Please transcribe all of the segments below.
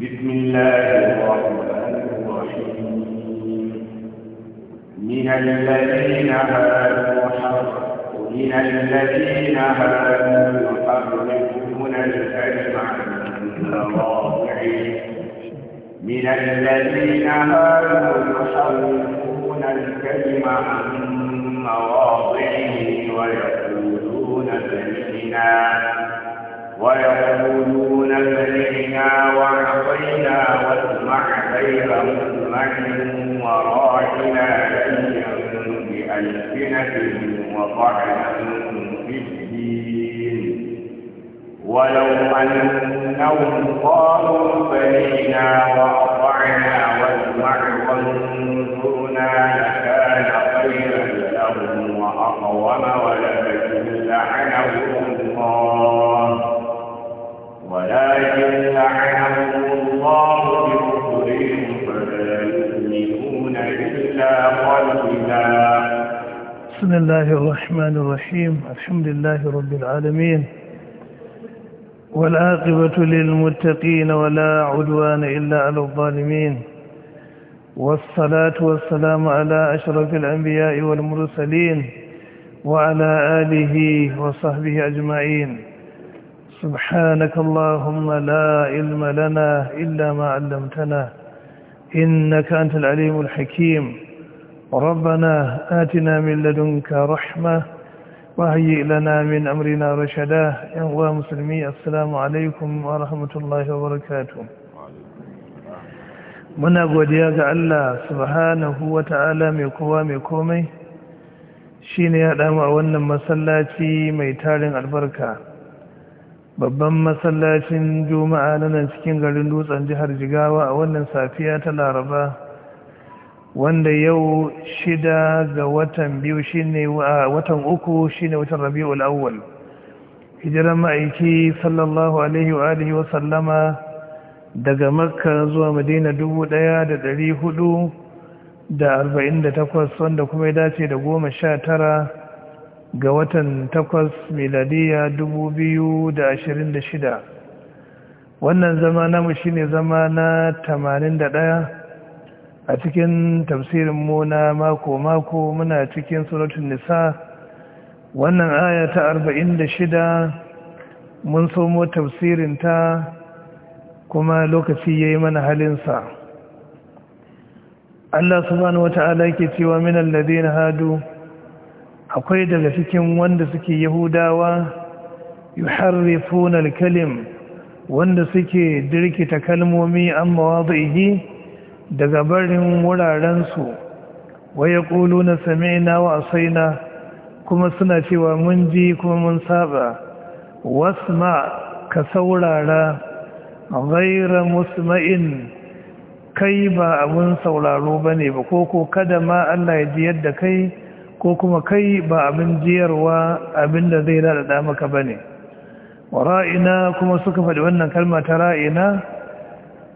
بسم الله الرحمن الرحيم من الذين هادوا من الذين هادوا يحرمون الكلم عن مواضعه من الذين هادوا يحرمون الكلم عن مواضعه ويقولون سمعنا ويقولون سمعنا وعصينا واسمع غير من وراحنا ليا بألسنتهم وطعنهم في الدين ولو أنهم قالوا سمعنا وأطعنا واسمع بسم الله الرحمن الرحيم الحمد لله رب العالمين والعاقبة للمتقين ولا عدوان إلا على الظالمين والصلاة والسلام على أشرف الأنبياء والمرسلين وعلى آله وصحبه أجمعين سبحانك اللهم لا علم لنا إلا ما علمتنا إنك أنت العليم الحكيم ربنا آتنا من لدنك رحمة وهيئ لنا من أمرنا رشدا يا مسلمي السلام عليكم ورحمة الله وبركاته muna godiya ga Allah subhanahu wa ta'ala mai kowa mai komai shi ne ya a wannan masallaci mai tarin albarka babban masallacin juma'a na nan cikin garin dutsen jihar jigawa a wannan safiya ta laraba wanda yau shida ga watan biyu shine watan uku shine watan rabi'ul awwal hijiran ma'aiki sallallahu alaihi wa alihi wa sallama daga makka zuwa madina dubu ɗaya da ɗari hudu da arba'in da takwas wanda kuma ya dace da goma sha tara ga watan takwas miladiya dubu biyu da ashirin da shida wannan zama namu shine zama na tamanin da ɗaya a cikin tafsirin mu na mako-mako muna cikin suratun nisa wannan aya ta 46 mun somo tafsirin ta kuma lokaci ya yi mana halinsa Allah subhanahu wa ta'ala ke cewa minan Ladin hadu akwai daga cikin wanda suke yahudawa yuharrifuna al-kalim wanda suke dirkita kalmomi amma wadhihi daga barin wurarensu wa ya ƙulu na sami'na wa asaina kuma suna cewa mun ji kuma mun saba wasma ka saurara ghaira musma'in kai ba abun sauraro ba ne ba ko ko kada ma Allah ya ji yadda kai ko kuma kai ba abin jiyarwa abin da zai lalata maka ba ne wa ra'ina kuma suka faɗi wannan kalma ta ra'ina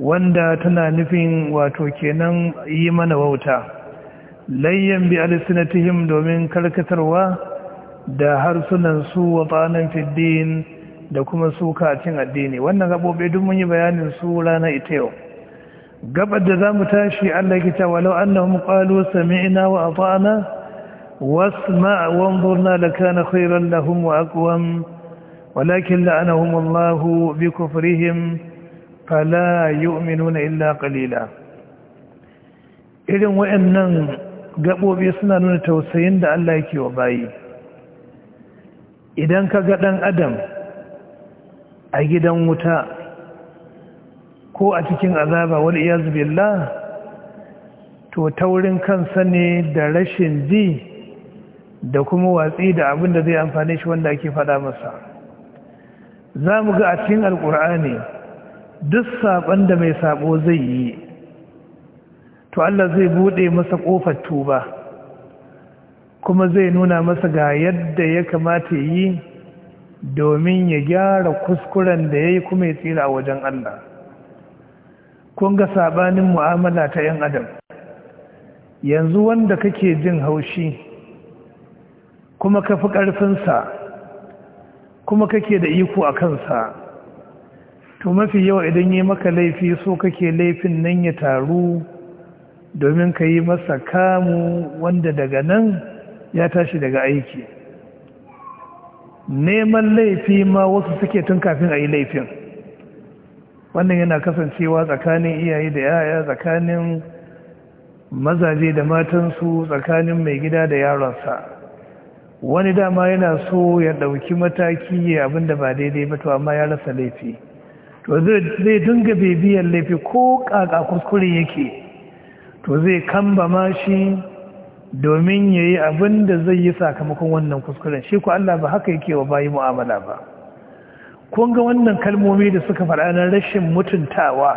wanda tana nufin wato kenan yi mana wauta layyan bi alisinatihim domin karkatarwa da harsunan su wa tsanan fiddin da kuma su kacin addini wannan gabobe duk mun yi bayanin su rana ita yau gabar da za mu tashi Allah ya ce walau annahum qalu sami'na wa ata'na wasma' wanzurna lakana khayran lahum wa aqwam walakin la'anahum Allah bi kufrihim فلا يؤمنون illa قليلا irin wayannan قبوا suna nuna tausayin da Allah yake wa bayi idan ka ga ɗan adam a gidan wuta ko a cikin azaba wal iyaz billah to taurin kansa ne da rashin ji da kuma watsi da abin da zai amfani shi wanda ake faɗa masa za mu ga a cikin alƙur'ani duk saɓon da mai saɓo zai yi to Allah zai buɗe masa ƙofar tuba kuma zai nuna masa ga yadda ya kamata yi domin ya gyara kuskuren da ya yi kuma ya tsira a wajen Allah kun ga saɓanin mu'amala ta 'yan adam yanzu wanda kake jin haushi kuma ka fi ƙarfinsa kuma kake da iko a kansa to mafi yawa idan yi maka laifi so kake laifin nan ya taru domin ka yi masa kamu wanda daga nan ya tashi daga aiki neman laifi ma wasu suke tun kafin a yi laifin wannan yana kasancewa tsakanin iyaye da yaya tsakanin mazaje da matansu tsakanin mai gida da yaronsa wani dama yana so ya ɗauki mataki abinda ba daidai ba to amma ya rasa laifi to zai dinga bibiyar laifi ko kaka kuskure yake to zai kamba ma shi domin ya yi abin da zai yi sakamakon wannan kuskuren shi ku Allah ba haka yake wa bayi mu'amala ba kun ga wannan kalmomi da suka faɗa na rashin mutuntawa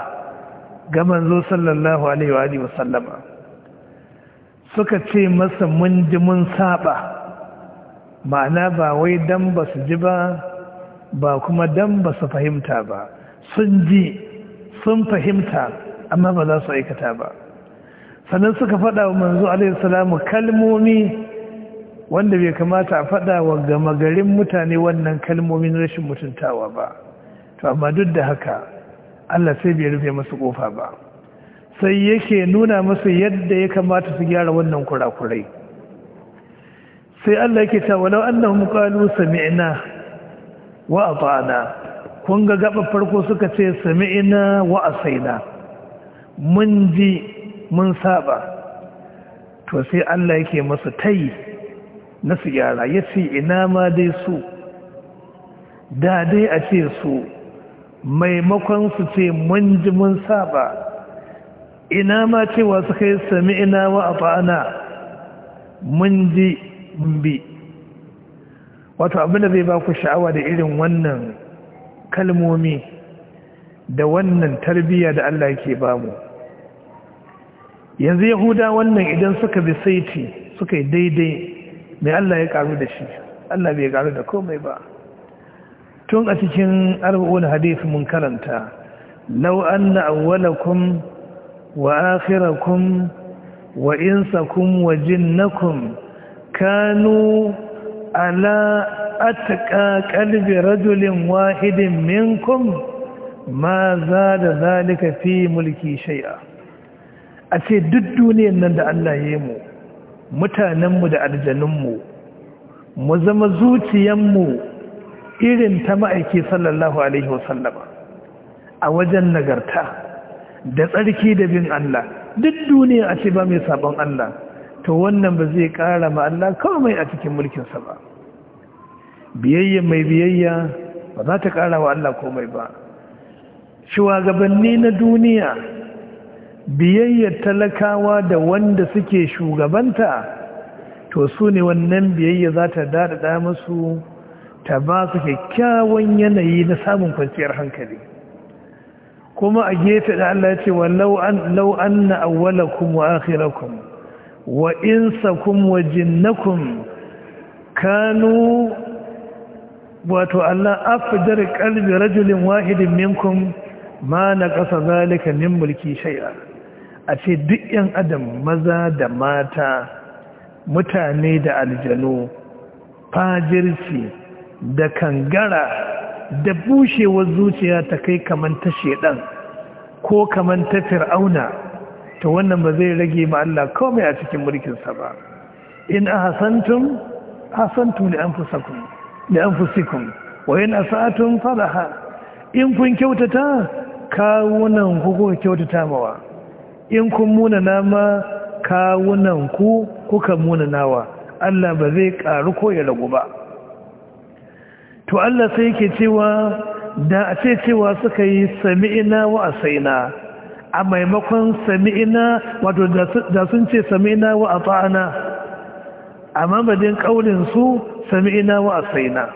ga manzo sallallahu alaihi wa alihi wasallama suka ce masa mun ji mun saba ma'ana ba wai dan ba su ji ba ba kuma dan ba su fahimta ba sun ji sun fahimta amma ba za su aikata ba sannan suka faɗa wa manzo alaihissalamu kalmomi wanda bai kamata a faɗa wa gama garin mutane wannan kalmomin rashin mutuntawa ba to amma duk da haka Allah sai bai rufe masu ƙofa ba sai yake nuna masu yadda ya kamata su gyara wannan kurakurai sai Allah yake cewa walau annahum qalu sami'na wa ata'na kun ga gaba farko suka ce sami'ina wa asaina mun ji mun saba to sai Allah yake masu ta'i na su gyara ya ce ina ma dai su da dai a ce su maimakon su ce mun ji mun saba ina ma cewa suka yi sami'ina wa afana mun ji mun bi wato abinda zai ba ku sha'awa da irin wannan kalmomi da wannan tarbiyya da Allah yake bamu yanzu yahuda wannan idan suka bi saiti suka yi daidai mai Allah ya karu da shi Allah bai karu da komai ba tun a cikin arba'un hadith mun karanta law anna awwalakum wa akhirakum wa insakum wa jinnakum kanu ala atqa qalbi rajulin wahidin minkum ma zada zalika fi mulki shai'a. a ce duk duniyar nan da Allah ya yi mu mutanenmu da aljanunmu mu zama zuciyanmu irin ta ma'aiki sallallahu alaihi wasallama a wajen nagarta da tsarki da bin Allah duk duniya a ce ba mai sabon Allah to wannan ba zai kara ma Allah kawai a cikin mulkinsa ba biyayya mai biyayya ba za ta ƙara wa Allah komai ba shugabanni na duniya biyayya talakawa da wanda suke shugabanta to su ne wannan biyayya za ta daɗaɗa su ta ba su kyakkyawan yanayi na samun kwanciyar hankali kuma a gefe da Allah ya ce wa lau'an na awwalakum wa akhirakum wa insakum wa jinnakum kanu wato Allah afjar kalbi rajulin wahidin minkum ma ƙasa zalika min mulki shay'a a ce duk yan adam maza da mata mutane da aljanu fajirci da kangara da bushewar zuciya ta kai kaman ta shedan ko kaman ta fir'auna to wannan ba zai rage ma Allah komai a cikin mulkinsa ba in ahsantum ahsantum li anfusakum da anfusikum wa in asatun falaha in kun kyautata kawunan ku kuka kyautata mawa in kun muna nama kawunan ku kuka muna nawa Allah ba zai ƙaru ko ya ragu ba to Allah sai yake cewa da a ce cewa suka yi sami'ina wa asaina a maimakon sami'ina wato da sun ce sami'ina wa ata'ana a madadin ƙaurinsu sami ina wa asaina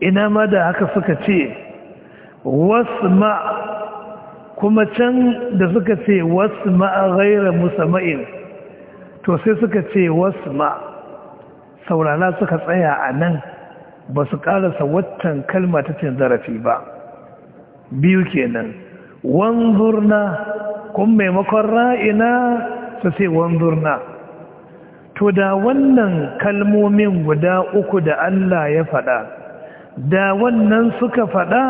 ina ma da haka suka ce wasma kuma can da suka ce wasma a gaira musamman to sai suka ce wasma saurana suka tsaya a nan ba su ƙarasa watan kalma ta cin zarafi ba biyu kenan wanzurna kun maimakon ra'ina su ce wanzurna to da wannan kalmomin guda uku da Allah ya faɗa da wannan suka faɗa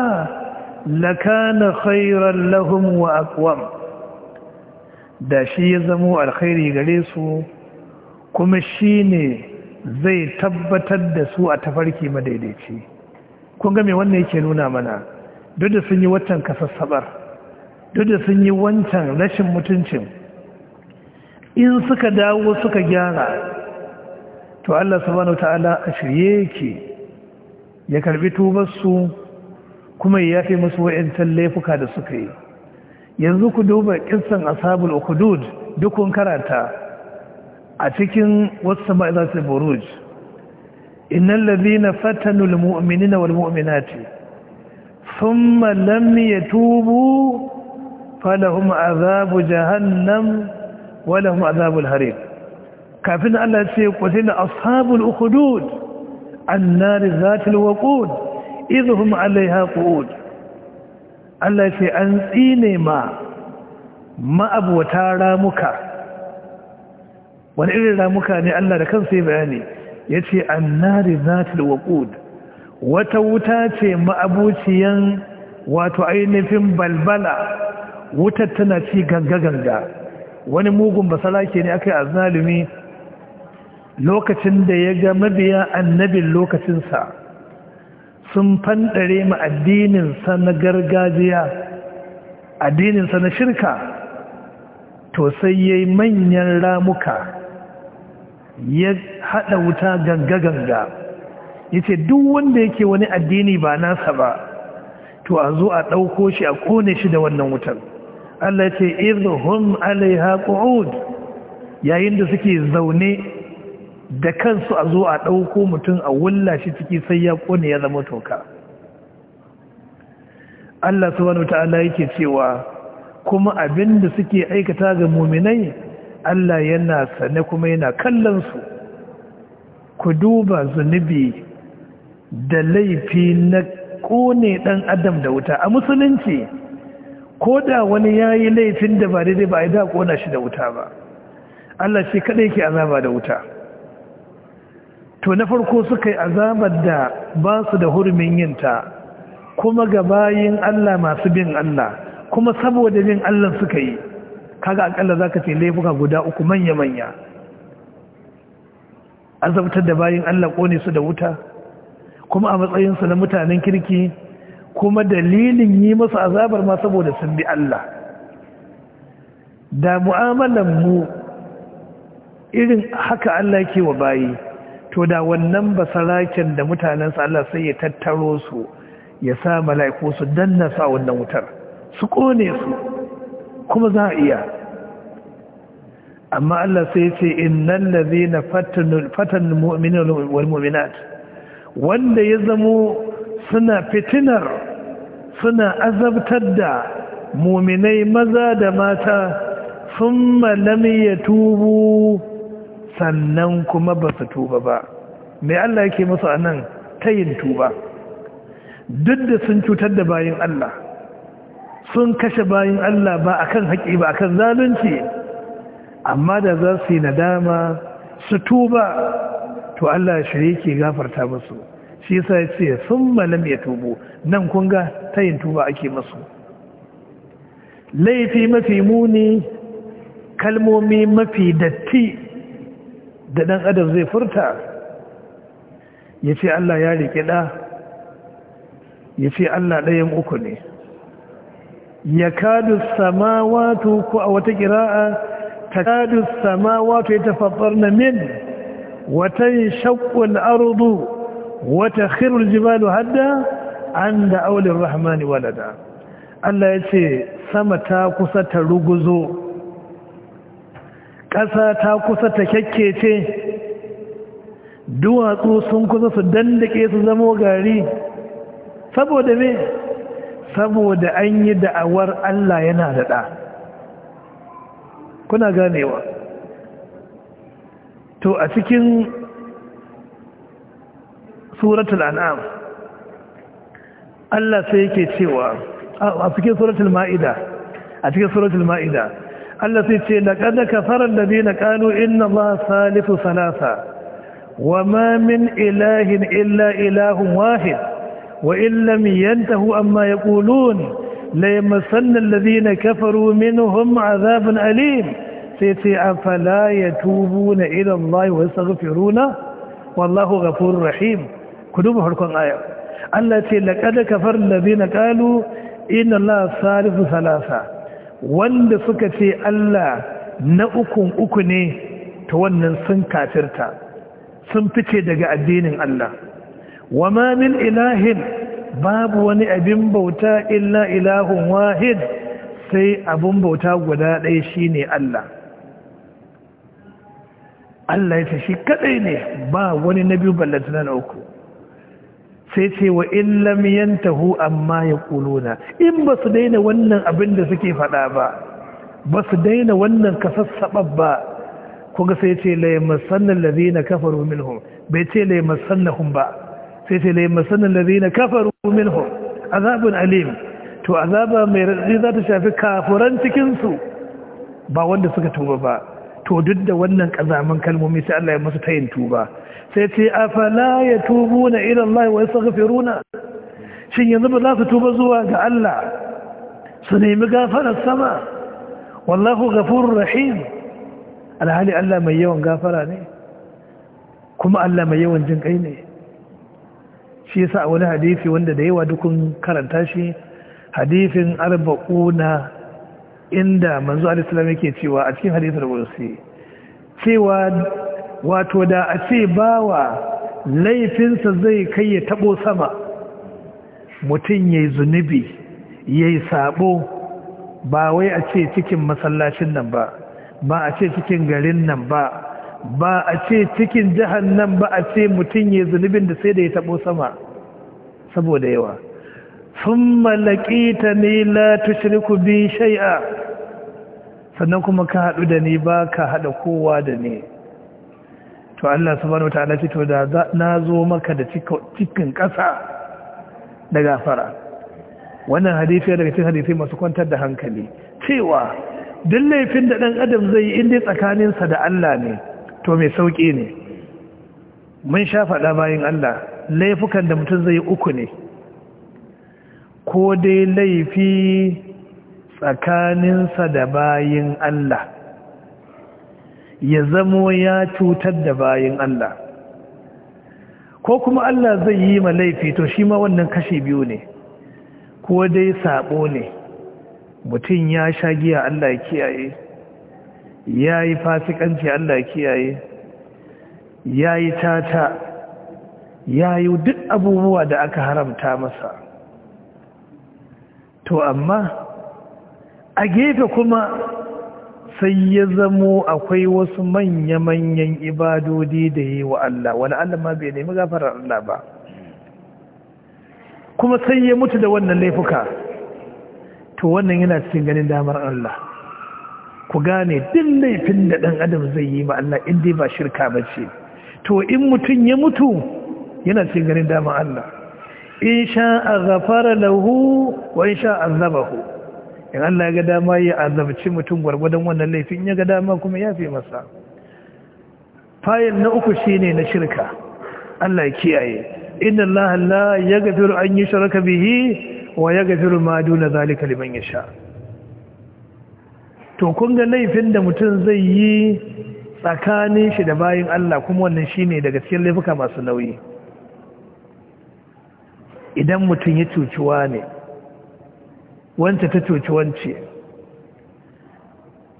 lakana khairan lahum wa aqwam da shi ya zamo alkhairi gare su kuma shine zai tabbatar da su a tafarki madaidaici kun ga me wannan yake nuna mana duk da sun yi wancan kasassabar duk da sun yi wancan rashin mutuncin in suka dawo suka gyara to Allah subhanahu ta'ala a shirye yake ya karbi tubarsu kuma ya yafe musu wa'yancan laifuka da suka yi yanzu ku duba kissan ashabul ukudud dukun karanta a cikin wasu ma'azatul buruj innal ladhina fatanul mu'minina wal mu'minati thumma lam yatubu falahum azabu jahannam ولهم عذاب الهريب كافرنا الله سيقتلنا أصحاب الأخدود النار ذات الوقود إذ هم عليها قود الله سيأنسيني ما ما أبو تارا مكا وان إلي رامكا ني الله لكن سيبعاني يتي النار ذات الوقود وتوتاتي ما أبو تيان وتعيني في مبالبالا وتتنا في غنغا غنغا wani mugun basalake ne aka yi a zalumi. lokacin da ya ga mabiya annabin lokacinsa sun fanɗare ma addininsa na gargajiya addininsa na shirka to sai ya yi manyan ramuka ya haɗa wuta ganga-ganga ya ce duk wanda yake wani addini ba nasa ba to a zo a ɗauko shi a kone shi da wannan wutar Allah ce idhum alaiha qu'ud yayin da suke zaune da kansu a zo a ɗauko mutum a wulla ciki sai ya ƙone ya zama toka Allah subhanahu ta'ala yake cewa kuma abinda suke aikata ga muminai Allah yana sane kuma yana kallon su ku duba zunubi da laifi na ƙone ɗan adam da wuta a musulunci ko da wani ya yi laifin da ba daidai ba a yi da kona shi da wuta ba Allah shi kaɗai ke azaba da wuta to na farko suka yi azabar da ba su da hurumin yinta kuma ga bayin Allah masu bin Allah kuma saboda bin Allah suka yi kaga akalla ka ce laifuka guda uku manya-manya azabtar da bayin Allah kone su da wuta kuma a matsayinsu na mutanen kirki kuma dalilin yi musu azabar ma saboda sun bi Allah da mu'amalan mu irin haka Allah ke wa bayi to da wannan basaraken da mutanensa Allah sai ya tattaro su ya sa mala'iku su danna sa wannan wutar su kone su kuma za a iya amma Allah sai ce innal ladhina na fatan mu'minina wal mu'minat wanda ya zamo suna fitinar suna azabtar da muminai maza da mata sun malami ya tubu sannan kuma ba su tuba ba mai Allah yake musu a nan ta yin tuba duk da sun cutar da bayan Allah sun kashe bayan Allah ba a kan haƙi ba a kan zalunci amma da za su yi nadama su tuba to Allah shirya ke gafarta musu shi yasa ya ce sun malam ya tubo nan kun ga tayin tuba ake masu laifi mafi muni kalmomi mafi datti da ɗan adam zai furta ya ce Allah ya riƙe ɗa ya ce Allah ɗayan uku ne ya kadu wato ko a wata ƙira'a ta kadu wato ya tafafar na min watan shakkun arzu. wata khirul jibalu hadda an da aulin rahmani walada Allah ya ce sama ta kusa ta ruguzo ƙasa ta kusa ta kyakkece duwatsu sun kusa su dandake su zamo gari saboda me saboda an yi da'awar Allah yana da ɗa kuna ganewa to a cikin سوره الانعام الله سيكي سوى آه، افكي سوره المائده افكي سوره المائده التي تي لقد كفر الذين قالوا ان الله ثالث ثلاثه وما من اله الا اله واحد وان لم ينتهوا أما يقولون ليمسن الذين كفروا منهم عذاب اليم سيتي افلا يتوبون الى الله ويستغفرون والله غفور رحيم ku duba farkon Allah ce laqad kafar ladina ƙalu ina Allah salisu salasa wanda suka ce Allah na ukun uku ne ta wannan sun kafirta sun fice daga addinin Allah wama min ilahin babu wani abin bauta illa ilahun wahid sai abin bauta guda ɗaya shine Allah Allah ya ce shi kadai ne ba wani biyu ballantana na uku sai ce wa illam yantahu amma ya kuluna. in ba su daina wannan abin da suke faɗa ba ba su daina wannan kasassaba ba kuma sai ce la na kafar kafaru minhum bai ce sannan hun ba sai ce sannan la na kafar kafaru minhum azabin alim to azaba mai radadi za ta shafi kafuran cikinsu ba wanda suka tuba ba to duk da wannan kazamin kalmomi sai Allah ya ta tayin tuba sai ce afala yatubuna ila Allah wa yastaghfiruna shin yanzu ba za su tuba zuwa ga Allah su nemi gafarar sama wallahu Gafur rahim alhali Allah mai yawan gafara ne kuma Allah mai yawan jin kai ne shi yasa a wani hadisi wanda da yawa dukun karanta shi hadisin arba'una inda manzo al-islam yake cewa a cikin hadisul qudsi cewa wato da a ce bawa laifinsa zai kai ya tabo sama mutum ya yi zunubi ya yi sabo ba wai a ce cikin masallacin nan ba ba a ce cikin garin nan ba ba a ce cikin jihar nan ba a ce mutum ya yi zunubin da sai da ya tabo sama saboda yawa ثم لقيتني لا تشرك بي شيئا sannan kuma ka haɗu da ni ba ka haɗa kowa da ni to Allah subhanahu wataala ce to da na zo maka da cikin ƙasa da gafara wannan hadisi daga cikin hadisi masu kwantar da hankali cewa duk laifin da ɗan adam zai yi inda tsakaninsa da Allah ne to mai sauƙi ne mun sha faɗa bayan Allah laifukan da mutum zai yi uku ne ko dai laifi tsakaninsa da bayin Allah ya zamo ya cutar da bayin Allah ko kuma Allah zai yi ma laifi to shi ma wannan kashi biyu ne ko dai sabo ne mutum ya sha giya Allah ya kiyaye ya yi fasikanci Allah ya kiyaye ya yi tata ya yi duk abubuwa da aka haramta masa to amma a gefe kuma sai ya zamo akwai wasu manya-manyan ibadodi da yi wa Allah wani Allah ma bai nemi gafarar Allah ba kuma sai ya mutu da wannan laifuka to wannan yana cikin ganin damar Allah ku gane din laifin da ɗan adam zai yi ma Allah inda ba shirka ba to in mutum ya mutu yana cikin ganin damar Allah in sha'a ghafara lahu wa in zaba azabahu in Allah ga dama ya azabci mutum gwargwadon wannan laifin ya ga dama kuma ya fi masa fayil na uku shi ne na shirka Allah kiyaye inna Allah la yaghfiru an shirka bihi wa ya yaghfiru ma duna zalika liman sha. to kun ga laifin da mutum zai yi tsakanin shi da bayan Allah kuma wannan shine daga cikin laifuka masu nauyi idan mutum ya cuciwa ne wance ta cuci wance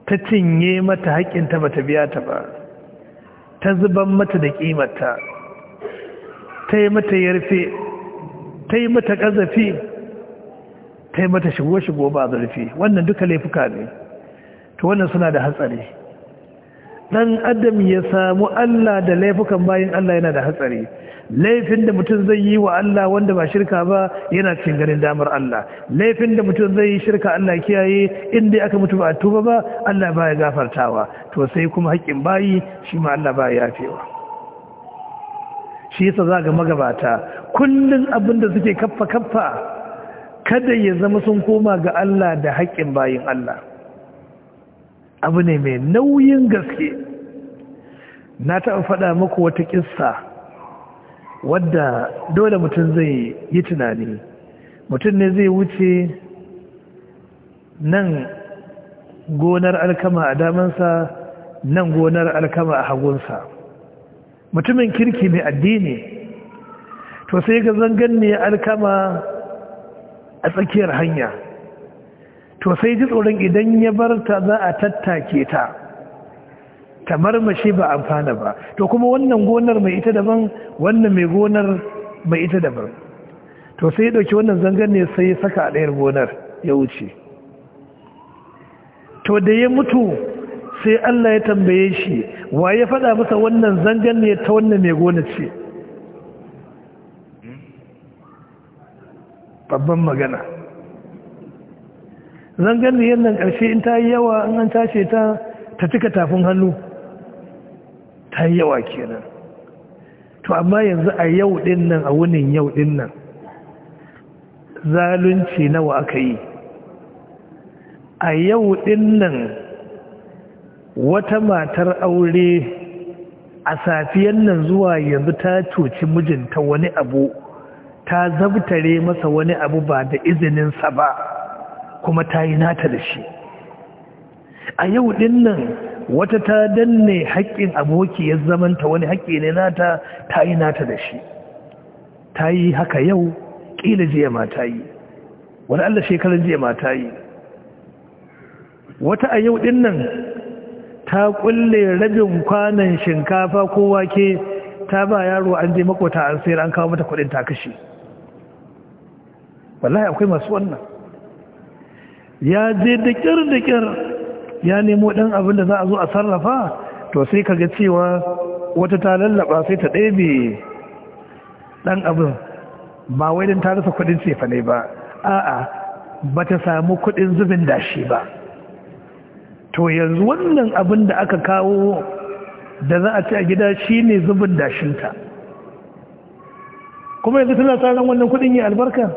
ta cinye mata haƙinta ba ta biya ta ba ta zuban mata da ƙimata ta yi mata yarfe ta yi mata ƙazafi ta yi mata shigo-shigo ba zurfi wannan duka laifuka ne to wannan suna da hatsari ɗan adam ya samu Allah da laifukan bayan Allah yana da hatsari laifin da mutum zai yi wa Allah wanda ba shirka ba yana cikin ganin damar Allah laifin da mutum zai yi shirka Allah kiyaye inda aka mutu ba tuba ba Allah ba ya gafartawa to sai kuma haƙƙin bayi shi ma Allah ba ya yafewa shi yasa zaga magabata kullun abin da suke kaffa kaffa kada ya zama sun koma ga Allah da haƙƙin bayin Allah abu ne mai nauyin gaske na taɓa faɗa muku wata ƙissa wadda dole mutum zai yi tunani mutum ne zai wuce nan gonar alkama a damansa nan gonar alkama a hagunsa mutumin kirki mai addini to sai ga zangan ne alkama a tsakiyar hanya to sai ji tsoron idan ya bar ta za a tattake ta ta mashi ba amfana ba to kuma wannan gonar mai ita daban wannan mai gonar mai ita daban to sai ya dauki wannan zangar ne sai ya saka a ɗayar gonar ya wuce to da ya mutu sai Allah ya tambaye shi wa ya faɗa masa wannan zangar ne ta wannan mai gonar ce babban magana zangar ne yannan ƙarshe in ta yi yawa in an tace ta ta cika tafin hannu ta yi yawa kenan to amma yanzu a yau din nan a wunin yau din nan zalunci nawa aka yi a yau din nan wata matar aure a safiyan nan zuwa yanzu ta cuci mijinta wani abu ta zabtare masa wani abu ba da izininsa ba kuma ta yi nata da shi a yau din nan wata ta danne haƙƙin aboki ya zamanta wani haƙƙi ne nata ta yi nata da shi ta yi haka yau ƙila jiya ma ta yi wani allah shekarar jiya ma ta yi wata a yau ɗin nan ta ƙulle rabin kwanan shinkafa ko wake ta ba yaro an je makwata an sayar an kawo mata kuɗin ta kashe wallahi akwai masu wannan ya je da ƙir da ƙir ya nemo ɗan abin da za a zo a sarrafa to sai ka ga cewa wata ta lallaba sai ta ɗebe ɗan abin ba wai don ta rasa kudin cefa ne ba a'a ba ta samu kudin zubin dashi ba to yanzu wannan abin da aka kawo da za a ci a gida shi ne zubin dashinta kuma yanzu tana tsarin wannan kudin yi albarka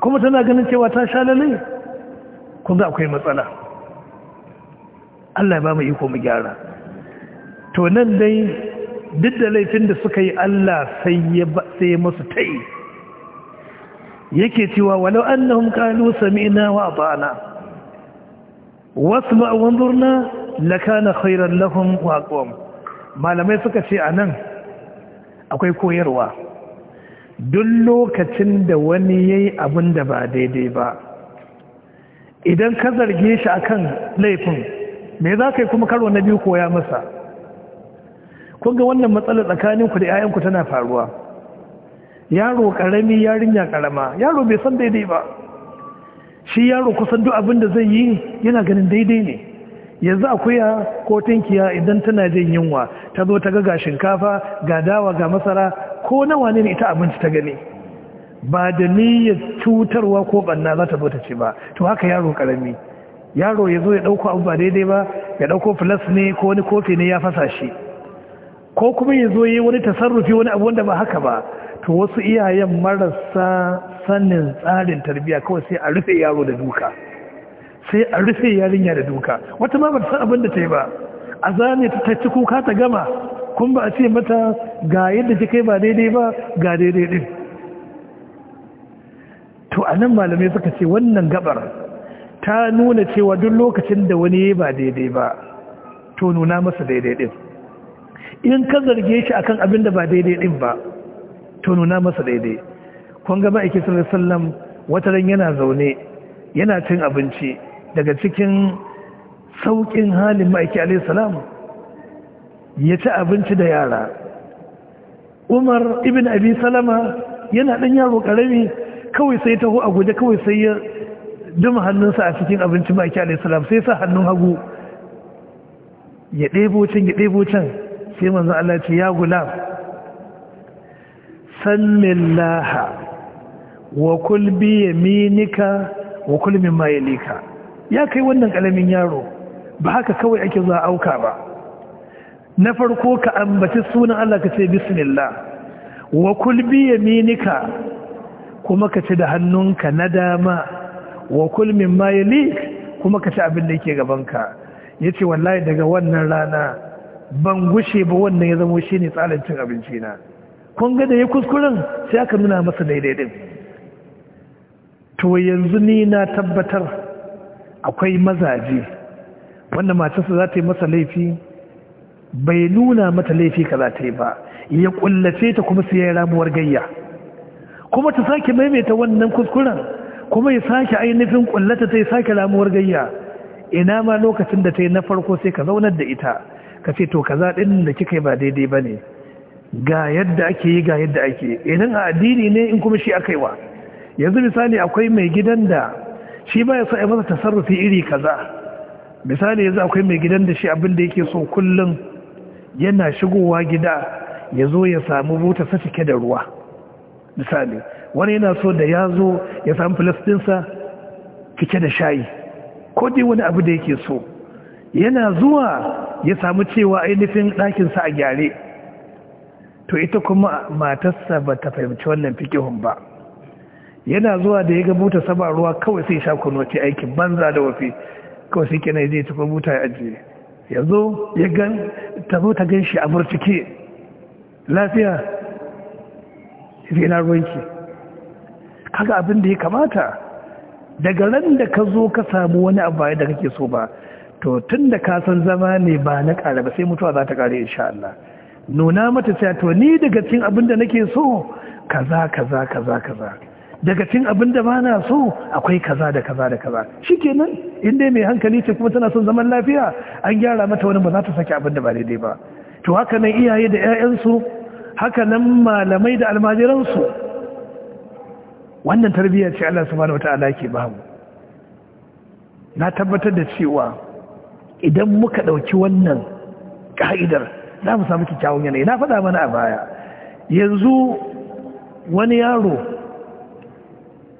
kuma tana ganin cewa ta sha lalai kuma akwai matsala Allah ba mu iko mu gyara to nan dai duk da laifin da suka yi Allah sai ya sai musu tai yake cewa walau annahum qalu sami'na wa ata'na wasma' wanzurna lakana khayran lahum wa aqwam malamai suka ce anan akwai koyarwa duk lokacin da wani yayi abin da ba daidai ba idan ka zarge shi akan laifin me za ka yi kuma karo na biyu koya masa kun ga wannan matsala tsakaninku da 'ya'yanku tana faruwa yaro karami yarinya karama yaro bai san daidai ba shi yaro kusan duk abin da zai yi yana ganin daidai ne yanzu akuya ko tinkiya idan tana jin yunwa ta zo ta ga shinkafa ga dawa ga masara ko nawa ne ita abinci ta gani ba da niyyar cutarwa ko banna za ta zo ta ci ba to haka yaro karami yaro ya zo ya ɗauko abu ba daidai ba ya ɗauko filas ne ko wani kofi ne ya fasa shi ko kuma ya zo yi wani tasarrufi wani abu wanda ba haka ba to wasu iyayen marasa sannin tsarin tarbiyya kawai sai a rufe yaro da duka sai a rufe yarinya da duka wata ma san abin da ta yi ba a zane ta ci kuka ta gama kun ba a ce mata ga yadda ta kai ba daidai ba ga daidai din to a nan malamai suka ce wannan gabar ta nuna cewa duk lokacin da wani ya ba daidai ba to nuna masa daidai din in ka zarge shi akan abin da ba daidai din ba to nuna masa daidai kun ga ma'aiki sallallahu wata ran yana zaune yana cin abinci daga cikin saukin halin ma'aiki alaihi salam ya ci abinci da yara umar ibn abi salama yana ɗan yaro karami kawai sai taho a guje kawai sai ya duma hannunsa a cikin abincin baki salam sai sa hannun hagu ya ɗebo can ya ɗebo can sai manzan Allah ce ya gulam sannillaha wa kulbi yaminika wa kulmin mayalika ya kai wannan kalamin yaro ba haka kawai ake zuwa auka ba na farko ka ambaci sunan Allah ka ce bismillah wa kulbi yaminika kuma ka ci da hannunka na dama wa kulmin mimma kuma ka ci abin da yake gabanka ce, wallahi daga wannan rana ban gushe ba wannan ya zama ne tsarin cin abinci na kun ga da ya kuskuren sai aka nuna masa daidai din to yanzu ni na tabbatar akwai mazaje wanda matarsa za ta yi masa laifi bai nuna mata laifi ka za ta yi ba ya kullace ta kuma sai ramuwar gayya kuma ta sake maimaita wannan kuskuren kuma ya sake ainihin kullata ta ya sake lamuwar gayya ina ma lokacin da ta yi na farko sai ka zaunar da ita ka ce to kaza zaɗin da kika yi ba daidai ba ne ga yadda ake yi ga yadda ake yi idan a addini ne in kuma shi aka yi wa yanzu misali akwai mai gidan da shi ba ya sa masa tasarrufi iri kaza misali yanzu akwai mai gidan da shi abin da yake so kullum yana shigowa gida ya zo ya samu buta sa cike da ruwa misali wani yana so da ya zo ya samu filistinsa kike da shayi ko dai wani abu da yake so yana zuwa ya samu cewa ainihin ɗakinsa a gyare to ita kuma matarsa ba ta fahimci wannan fikihun ba yana zuwa da ya ga buta saba ruwa kawai sai sha kuno ce aikin banza da wafi kawai sai kenan zai tafi buta ya ajiye ya zo ya gan ta zo ta gan shi a murtike lafiya sai na ruwanki kaga abin da ya kamata daga ran da ka zo ka samu wani abu da kake so ba to tun da ka san zama ne ba na ƙara ba sai mutuwa za ta ƙare insha Allah nuna mata cewa to ni daga cikin abin da nake so kaza kaza kaza kaza daga cikin abin da bana so akwai kaza da kaza da kaza shikenan in dai mai hankali ce kuma tana son zaman lafiya an gyara mata wani ba za ta saki abin da ba daidai ba to haka nan iyaye da 'ya'yansu haka nan malamai da almajiransu wannan tarbiyyar ce Allah su subhanahu wata ke ba mu na tabbatar da cewa idan muka ɗauki wannan ka'idar za mu samu kyakkyawan yanayi na faɗa mana a baya yanzu wani yaro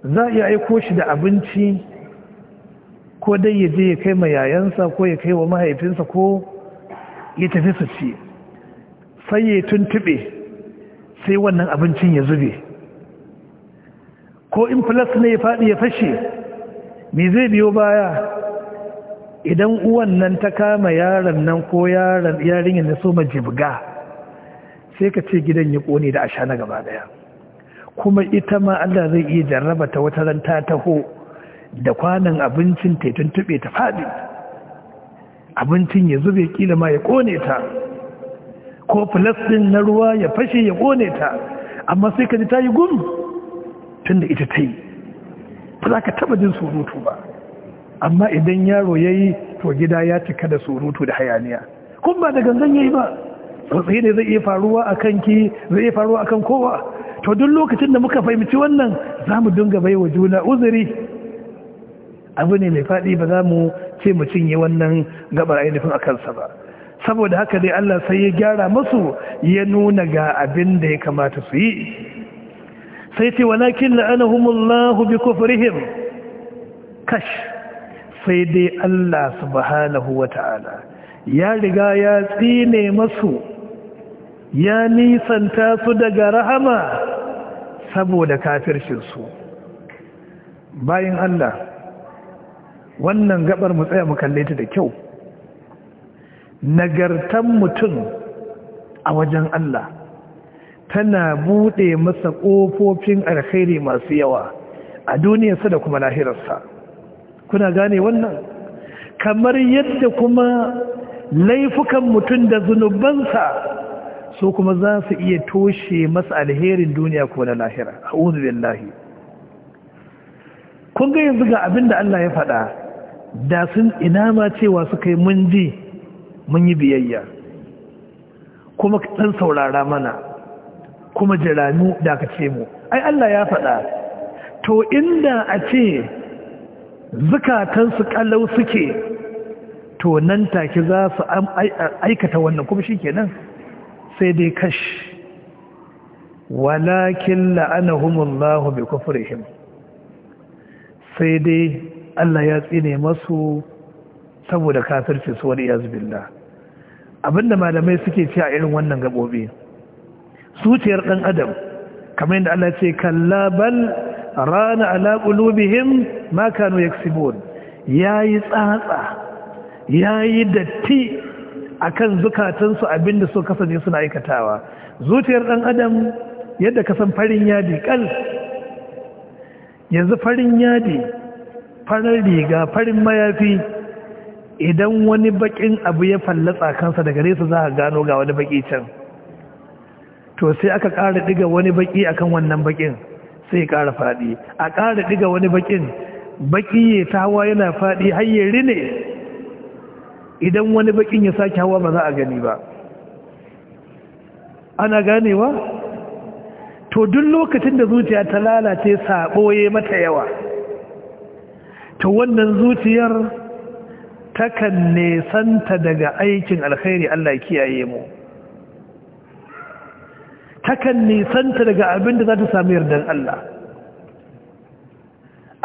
za a iya aiko shi da abinci ko dai ya je ya kai ma yayansa ko ya kai wa mahaifinsa ko ya tafi su ci sai ya tuntuɓe sai wannan abincin ya zube ko in plus ne ya faɗi ya fashe me zai biyo baya idan uwan nan ta kama yaron nan ko yaron yarinyar na soma jibga sai ka ce gidan ya kone da asha na gaba daya kuma ita ma Allah zai iya jarraba ta wata ran ta taho da kwanan abincin ta tuntube ta faɗi abincin ya zube kila ma ya kone ta ko plus din na ruwa ya fashe ya kone ta amma sai ka ji ta yi gum tun da ita ta yi ba za ka taba jin surutu ba amma idan yaro ya yi to gida ya cika da surutu da hayaniya kun ba da gangan ya yi ba tsotsi ne zai iya faruwa a ki zai faruwa a kan kowa to duk lokacin da muka fahimci wannan za mu dinga bai wa juna uzuri abu ne mai faɗi ba za mu ce mu cinye wannan gabar ainihin a kansa ba saboda haka dai Allah sai ya gyara masu ya nuna ga abin da ya kamata su yi sai ce walakin Allah bi kufrihim kash sai dai Allah subhanahu wata'ala ya riga ya tsine masu ya nisanta su daga rahama saboda kafircin su bayin Allah wannan gabar mu tsaya mu kalle ta da kyau nagartan mutum a wajen Allah tana bude masa kofofin alkhairi masu yawa a duniyarsa da kuma lahirarsa kuna gane wannan kamar yadda kuma laifukan mutum da zunubansa so kuma za su iya toshe masa alherin duniya ko na lahira a'udhu billahi kun ga yanzu ga abin da Allah ya faɗa da sun ina ma cewa suka yi mun ji mun yi biyayya kuma ɗan saurara mana kuma jiranu da ka ce mu ai Allah ya faɗa to inda a ce zukatansu kalau suke to nan take za su aikata wannan kuma shi kenan sai dai kash walakin la'anahumullahu bi kufrihim sai dai Allah ya tsine masu saboda kafirci su wani yazbillah abinda malamai suke ci a irin wannan gabobi zuciyar ɗan adam kamar yadda Allah ce kalla rana ala qulubihim ma kanu ya yayi tsatsa yayi datti akan zukatansu abinda su kasance suna aikatawa zuciyar ɗan adam yadda ka san farin yadi kal yanzu farin yadi farin riga farin mayafi idan wani bakin abu ya fallatsa kansa daga nesa za a gano ga wani baki can to sai aka ƙara diga wani baƙi akan wannan baƙin sai ya ƙara faɗi a ƙara diga wani baƙin baƙi ya ta hawa yana faɗi hayyari ne idan wani baƙin ya sake hawa ba za a gani ba ana ganewa to duk lokacin da zuciya ta lalace saɓoye mata yawa to wannan zuciyar takan nesanta daga aikin alkhairi Allah kiyaye mu takan nisanta daga abin da za ta sami yardan Allah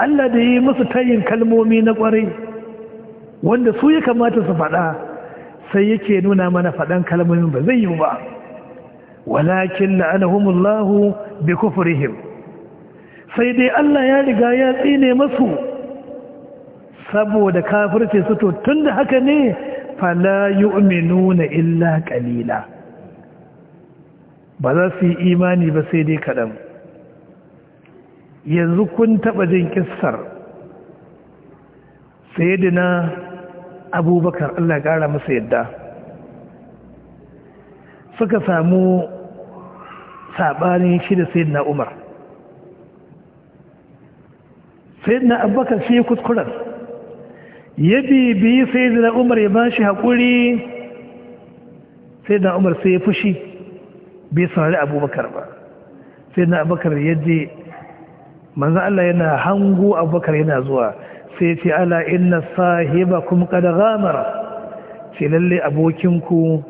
Allah da yi musu tayin kalmomi na kwarai wanda su ya kamata su faɗa sai yake nuna mana faɗan kalmomin ba zai yi ba walakin la'anahumullahu bi kufurihim sai dai Allah ya riga ya tsine masu saboda kafirce su to tunda haka ne fala yu'minuna illa qalila ba za su yi imani ba sai dai kaɗan yanzu kun taɓa jin sai ƙissar na abubakar allah ƙara masa yadda suka samu saɓanin shi da na umar sai na abubakar shi kuskuren ya sai na umar ya ba shi haƙuri na umar sai ya fushi bai saurari abubakar ba sai na abubakar ya je manzan Allah yana hango abubakar yana zuwa sai ce ala inna sahiba kuma kada ramar ce lalle abokinku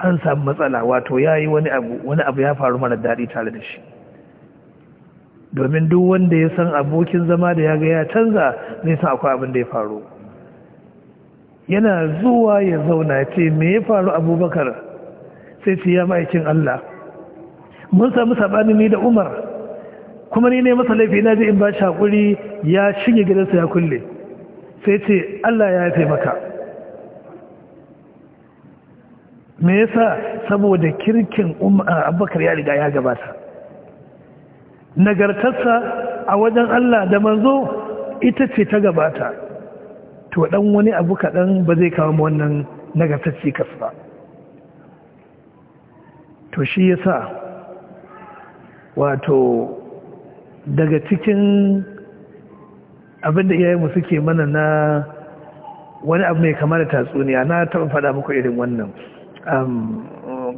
an samu matsala wato ya yi wani abu wani abu ya faru mana daɗi tare da shi domin duk wanda ya san abokin zama da ya ga ya canza zai san akwai abin da ya faru yana zuwa ya zauna ce me ya faru abubakar sai ce ya ma'aikin Allah mun samu sabanin ni da umar kuma ni ne masa laifi na ji in ba shi hakuri ya shige gidansa ya kulle sai ce allah ya yafe maka me yasa saboda kirkin abubakar ya riga ya gabata nagartarsa a wajen allah da manzo ita ce ta gabata to dan wani abu kaɗan ba zai kawo wannan nagartacci kasu ba to shi yasa wato daga cikin abinda iyayenmu suke mana na wani abu mai kama da tatsuniya na taɓa faɗa muku irin wannan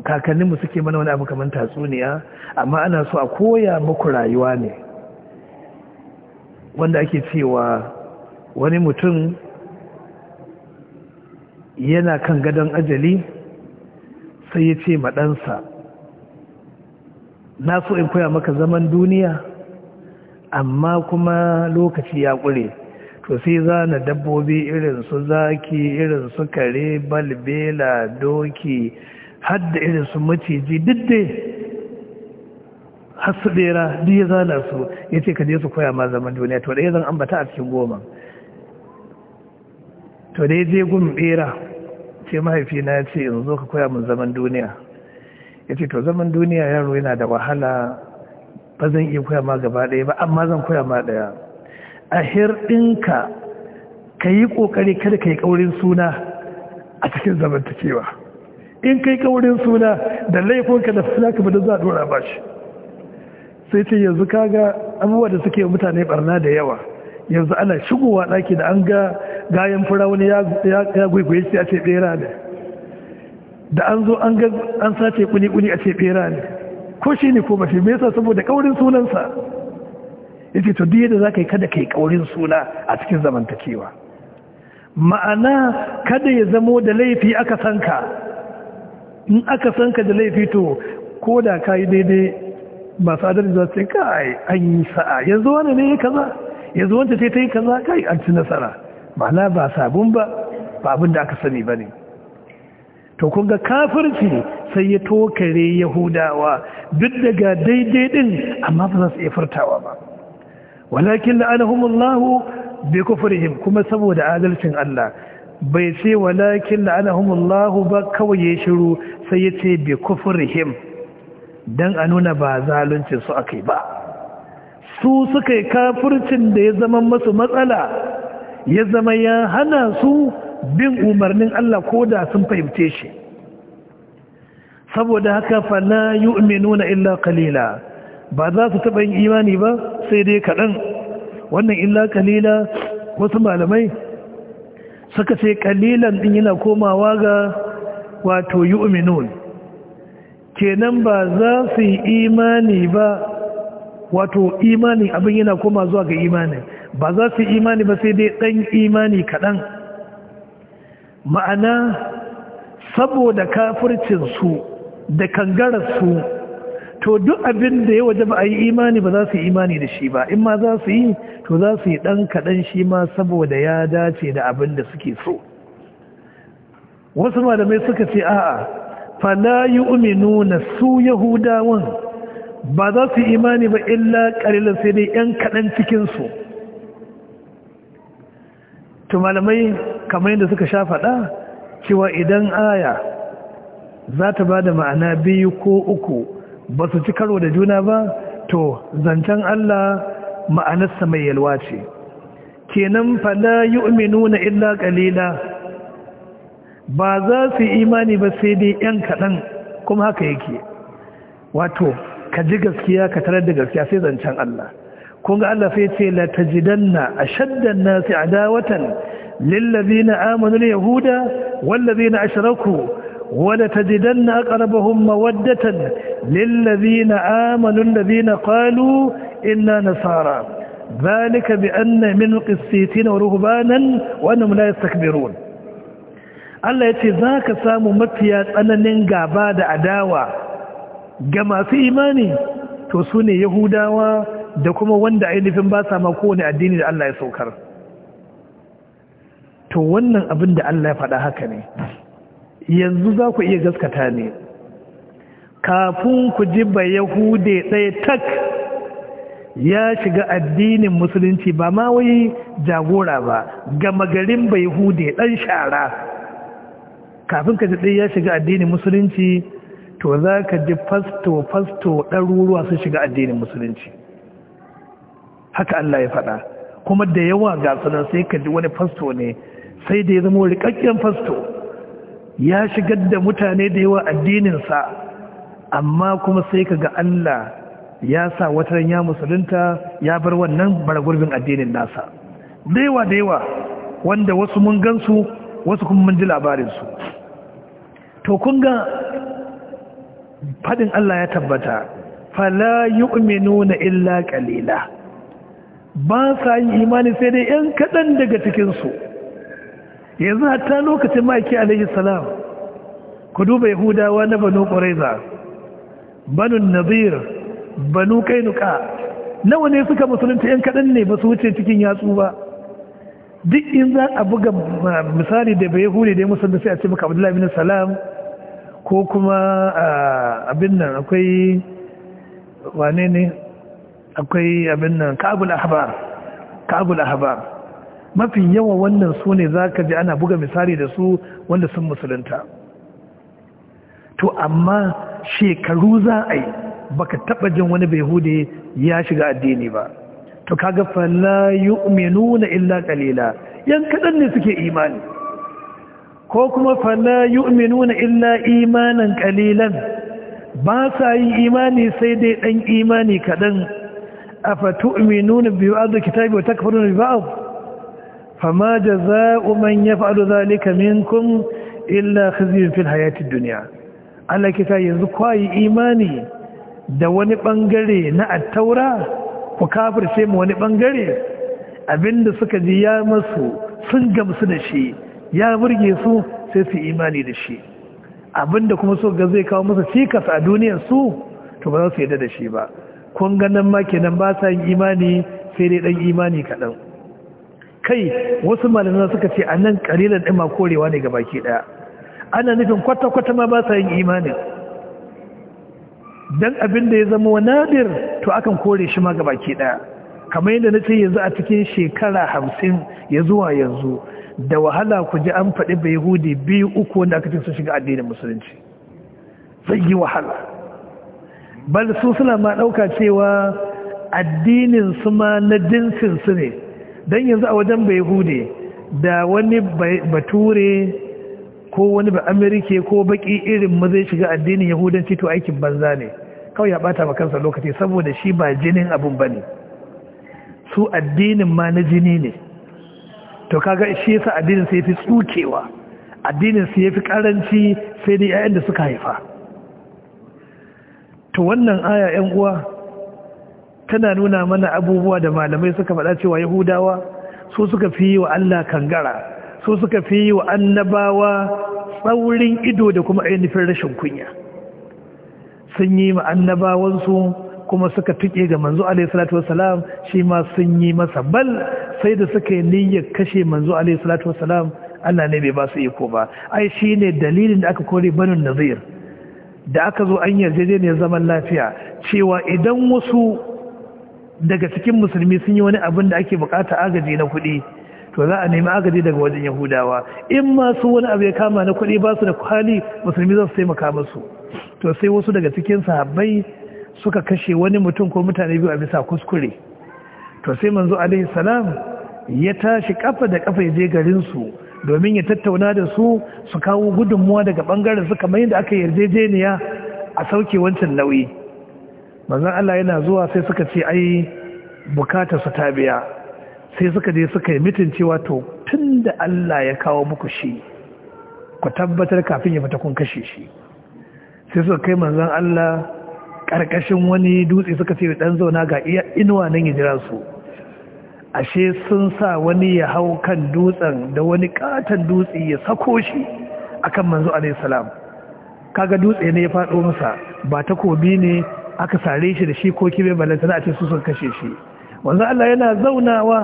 kakanninmu suke mana wani abu kamar tatsuniya amma ana so a koya muku rayuwa ne wanda ake cewa wani mutum yana kan gadon ajali sai ya ce maɗansa na so in koya maka zaman duniya amma kuma lokaci ya ƙure to sai zana dabbobi irin su zaki irin su kare balbela doki hadda irin su maciji diddai har su bera duk ya zana su ya ce ka je su koya ma zaman duniya to ɗaya zan ambata a cikin goma to dai je gun bera ce mahaifina ya ce in zo ka koya min zaman duniya ya ce to zaman duniya yaro yana da wahala ba zan iya koya ma gaba ɗaya ba amma zan koya ma ɗaya a dinka ka yi ƙoƙari kada ka yi ƙaurin suna a cikin zamantakewa in kai ƙaurin suna da laifinka da suna ka bada za a dora ba shi sai ce yanzu kaga abubuwa da suke mutane barna da yawa yanzu ana shigowa ɗaki da an ga gayan fura wani ya gwaigwaye sai a ce ɗera ne da an zo an an sace kuni-kuni a ce bera ne ko shi ne ko ba shi me saboda kaurin sunansa yace to duk yadda zaka yi kada kai kaurin suna a cikin zamantakewa ma'ana kada ya zamo da laifi aka sanka in aka sanka da laifi to ko da ka yi daidai masu adalci za su yi kai an yi sa'a yanzu wani ne ya kaza yanzu wanda ce ta yi kaza kai an ci nasara ma'ana ba sabon ba ba abin da aka sani ba ne to kun ga kafirci sai ya tokare yahudawa duk daga daidai din amma ba za su iya furtawa ba walakin la'anahumullahu bi kufrihim kuma saboda adalcin Allah bai ce walakin la'anahumullahu ba kawai ya shiru sai ya ce bi kufrihim dan a nuna ba zaluncin su akai ba su suka yi kafircin da ya zama masu matsala ya zama ya hana su bin umarnin Allah ko da sun fahimce shi saboda haka fala yu'minuna illa qalila ba za su taba yin imani ba sai dai kaɗan wannan illa qalila wasu malamai suka ce kalilan din yana komawa ga wato yu'minun kenan ba za su yi imani ba wato imani abin yana koma zuwa ga imani ba za su yi imani ba sai dai ɗan imani kaɗan ma'ana saboda kafircinsu da kangararsu to duk abin da ya waje ba a yi imani ba za su yi imani da shi ba in ma za su yi to za su yi ɗan kaɗan shi ma saboda ya dace da abin da suke so wasu malamai suka ce a'a fala yi uminu na su yahudawan ba za su yi imani ba illa ƙalilan sai dai 'yan kaɗan cikinsu to malamai kamar yadda suka sha faɗa cewa idan aya za ta ba da ma'ana biyu ko uku ba su ci karo da juna ba to zancen Allah ma'anarsa mai yalwa ce kenan yi fala na illa ƙalila ba za su yi imani ba sai dai yan kaɗan kuma haka yake wato ka ji gaskiya ka tarar da gaskiya sai zancen Allah kun ga Allah sai ce la tajidanna ashaddan nasi adawatan lil ladina amanu yahuda wal ladina ashraku wa la tajidanna aqrabahum mawaddatan lil ladina amanu alladhina qalu inna nasara ذلك بأن من القسيتين ورهبانا وأنهم لا يستكبرون Allah ya ce za ka samu mafiya tsananin gaba da adawa ga masu imani to su ne Yahudawa da kuma wanda ainihin ba sa ma kowane addini da Allah ya saukar to wannan abin da Allah ya faɗa haka ne yanzu za ku iya gaskata ne kafin ku ji yahude ɗaya tak ya shiga addinin musulunci ba ma wai jagora ba gama garin bai yahude ɗan shara kafin ka ji ɗaya ya shiga addinin musulunci to za ka ji fasto fasto ɗaruruwa sun shiga addinin musulunci haka Allah ya faɗa kuma da yawa ga sunan sai ka ji wani fasto ne sai da ya zama rikakken fasto ya shigar da mutane da yawa addininsa amma kuma sai ka ga Allah ya sa wata ya musulunta ya bar wannan baragurbin addinin nasa da yawa da yawa wanda wasu mun gansu wasu kuma mun ji labarinsu to kun ga faɗin Allah ya tabbata fala yu'minuna illa qalila ba sa yin imani sai dai yan kaɗan daga cikinsu yanzu hatta lokacin ma'aiki alaihi salam ku duba yahudawa na banu ƙwaraiza banu nazir banu kainuka nawa ne suka musulunta yan kaɗan ne ba su wuce cikin yatsu ba duk in za a buga misali da bai hure da ya musulunta sai a ce maka abdullahi bin salam ko kuma ah, abin nan akwai wane ne akwai abin nan kabul ahbar ahbar mafi yawa wannan su ne zaka ji ana buga misali da su wanda sun musulunta to amma shekaru za a yi baka taba jin wani bai ya shiga addini ba to kaga umenu na illa kalila yan kaɗan ne suke imani ko kuma yi umenu na illa imanin kalilan ba sa yi imani sai dai ɗan imani kaɗan. biyu ta أفتؤمنون ببعض الكتاب وتكفرون ببعض فما جزاء من يفعل ذلك منكم إلا خزي في الحياة الدنيا yanzu كتاب يزكواي imani da wani bangare na attaura ku kafirce mu wani bangare abinda suka ji ya masu sun gamsu da shi ya burge su sai su imani da shi abinda kuma so ga zai kawo masa cikas a duniyar su to ba za su yadda da shi ba kun ganin ma kenan ba sa yin imani sai dai dan imani kaɗan kai wasu malamai suka ce anan kalilan ɗin ma korewa ne ga baki ɗaya ana nufin kwata-kwata ma ba sa yin imani dan abin da ya zama wa nadir to akan kore shi ma ga baki ɗaya kamar yadda na ce yanzu a cikin shekara hamsin ya zuwa yanzu da wahala ku ji an faɗi bai hudi biyu uku wanda aka ce sun shiga addinin musulunci zai yi wahala bal su suna ma ɗauka cewa addinin su ma na jinsin su ne don yanzu a wajen bai hude da wani bature ko wani ba amerika ko baki irin ma zai shiga addinin yahudanci to aikin banza ne kawai ya bata kansa lokaci saboda shi ba jinin abun ba ne su addinin ma na jini ne to kaga shi yasa addinin sai fi tsukewa addinin sai fi karanci sai dai 'ya'yan da suka haifa to wannan aya yan uwa tana nuna mana abubuwa da malamai suka faɗa cewa yahudawa su suka fi yi wa Allah kangara su suka fi yi wa annabawa tsaurin ido da kuma ainihin rashin kunya sun yi ma annabawansu kuma suka tuke ga manzo alaihi salatu wasalam shi ma sun yi masa bal sai da suka yi niyyar kashe manzo alaihi salatu wasalam Allah ne bai ba su iko ba ai shine dalilin da aka kore banin nazir da aka zo an yarjejeniyar zaman lafiya cewa idan wasu daga cikin musulmi sun yi wani abin da ake bukata agaji na kuɗi to za a nemi agaji daga wajen yahudawa in masu wani abu ya kama na kuɗi ba su da kwali, musulmi za su taimaka musu to sai wasu daga cikin sahabbai suka kashe wani mutum ko mutane biyu a bisa kuskure to sai manzo alaihi salam ya tashi kafa da kafa ya je su domin ya tattauna da su su kawo gudunmuwa daga bangaren su kamar yadda aka yarjejeniya a sauke wancan nauyi manzon Allah yana zuwa sai suka ce ai bukatar su ta biya sai suka je suka yi mitin cewa to da Allah ya kawo muku shi ku tabbatar kafin ya fita kun kashe shi sai suka kai manzon Allah karkashin wani dutse suka ce dan zauna ga inuwa nan ya jira su ashe sun sa wani ya hau kan dutsen da wani katon dutse ya sako shi akan manzo salam kaga dutse ne ya faɗo masa ba takobi ne aka sare shi da shi ko kibe balantana a ce su sun kashe shi Wanzu Allah yana zaunawa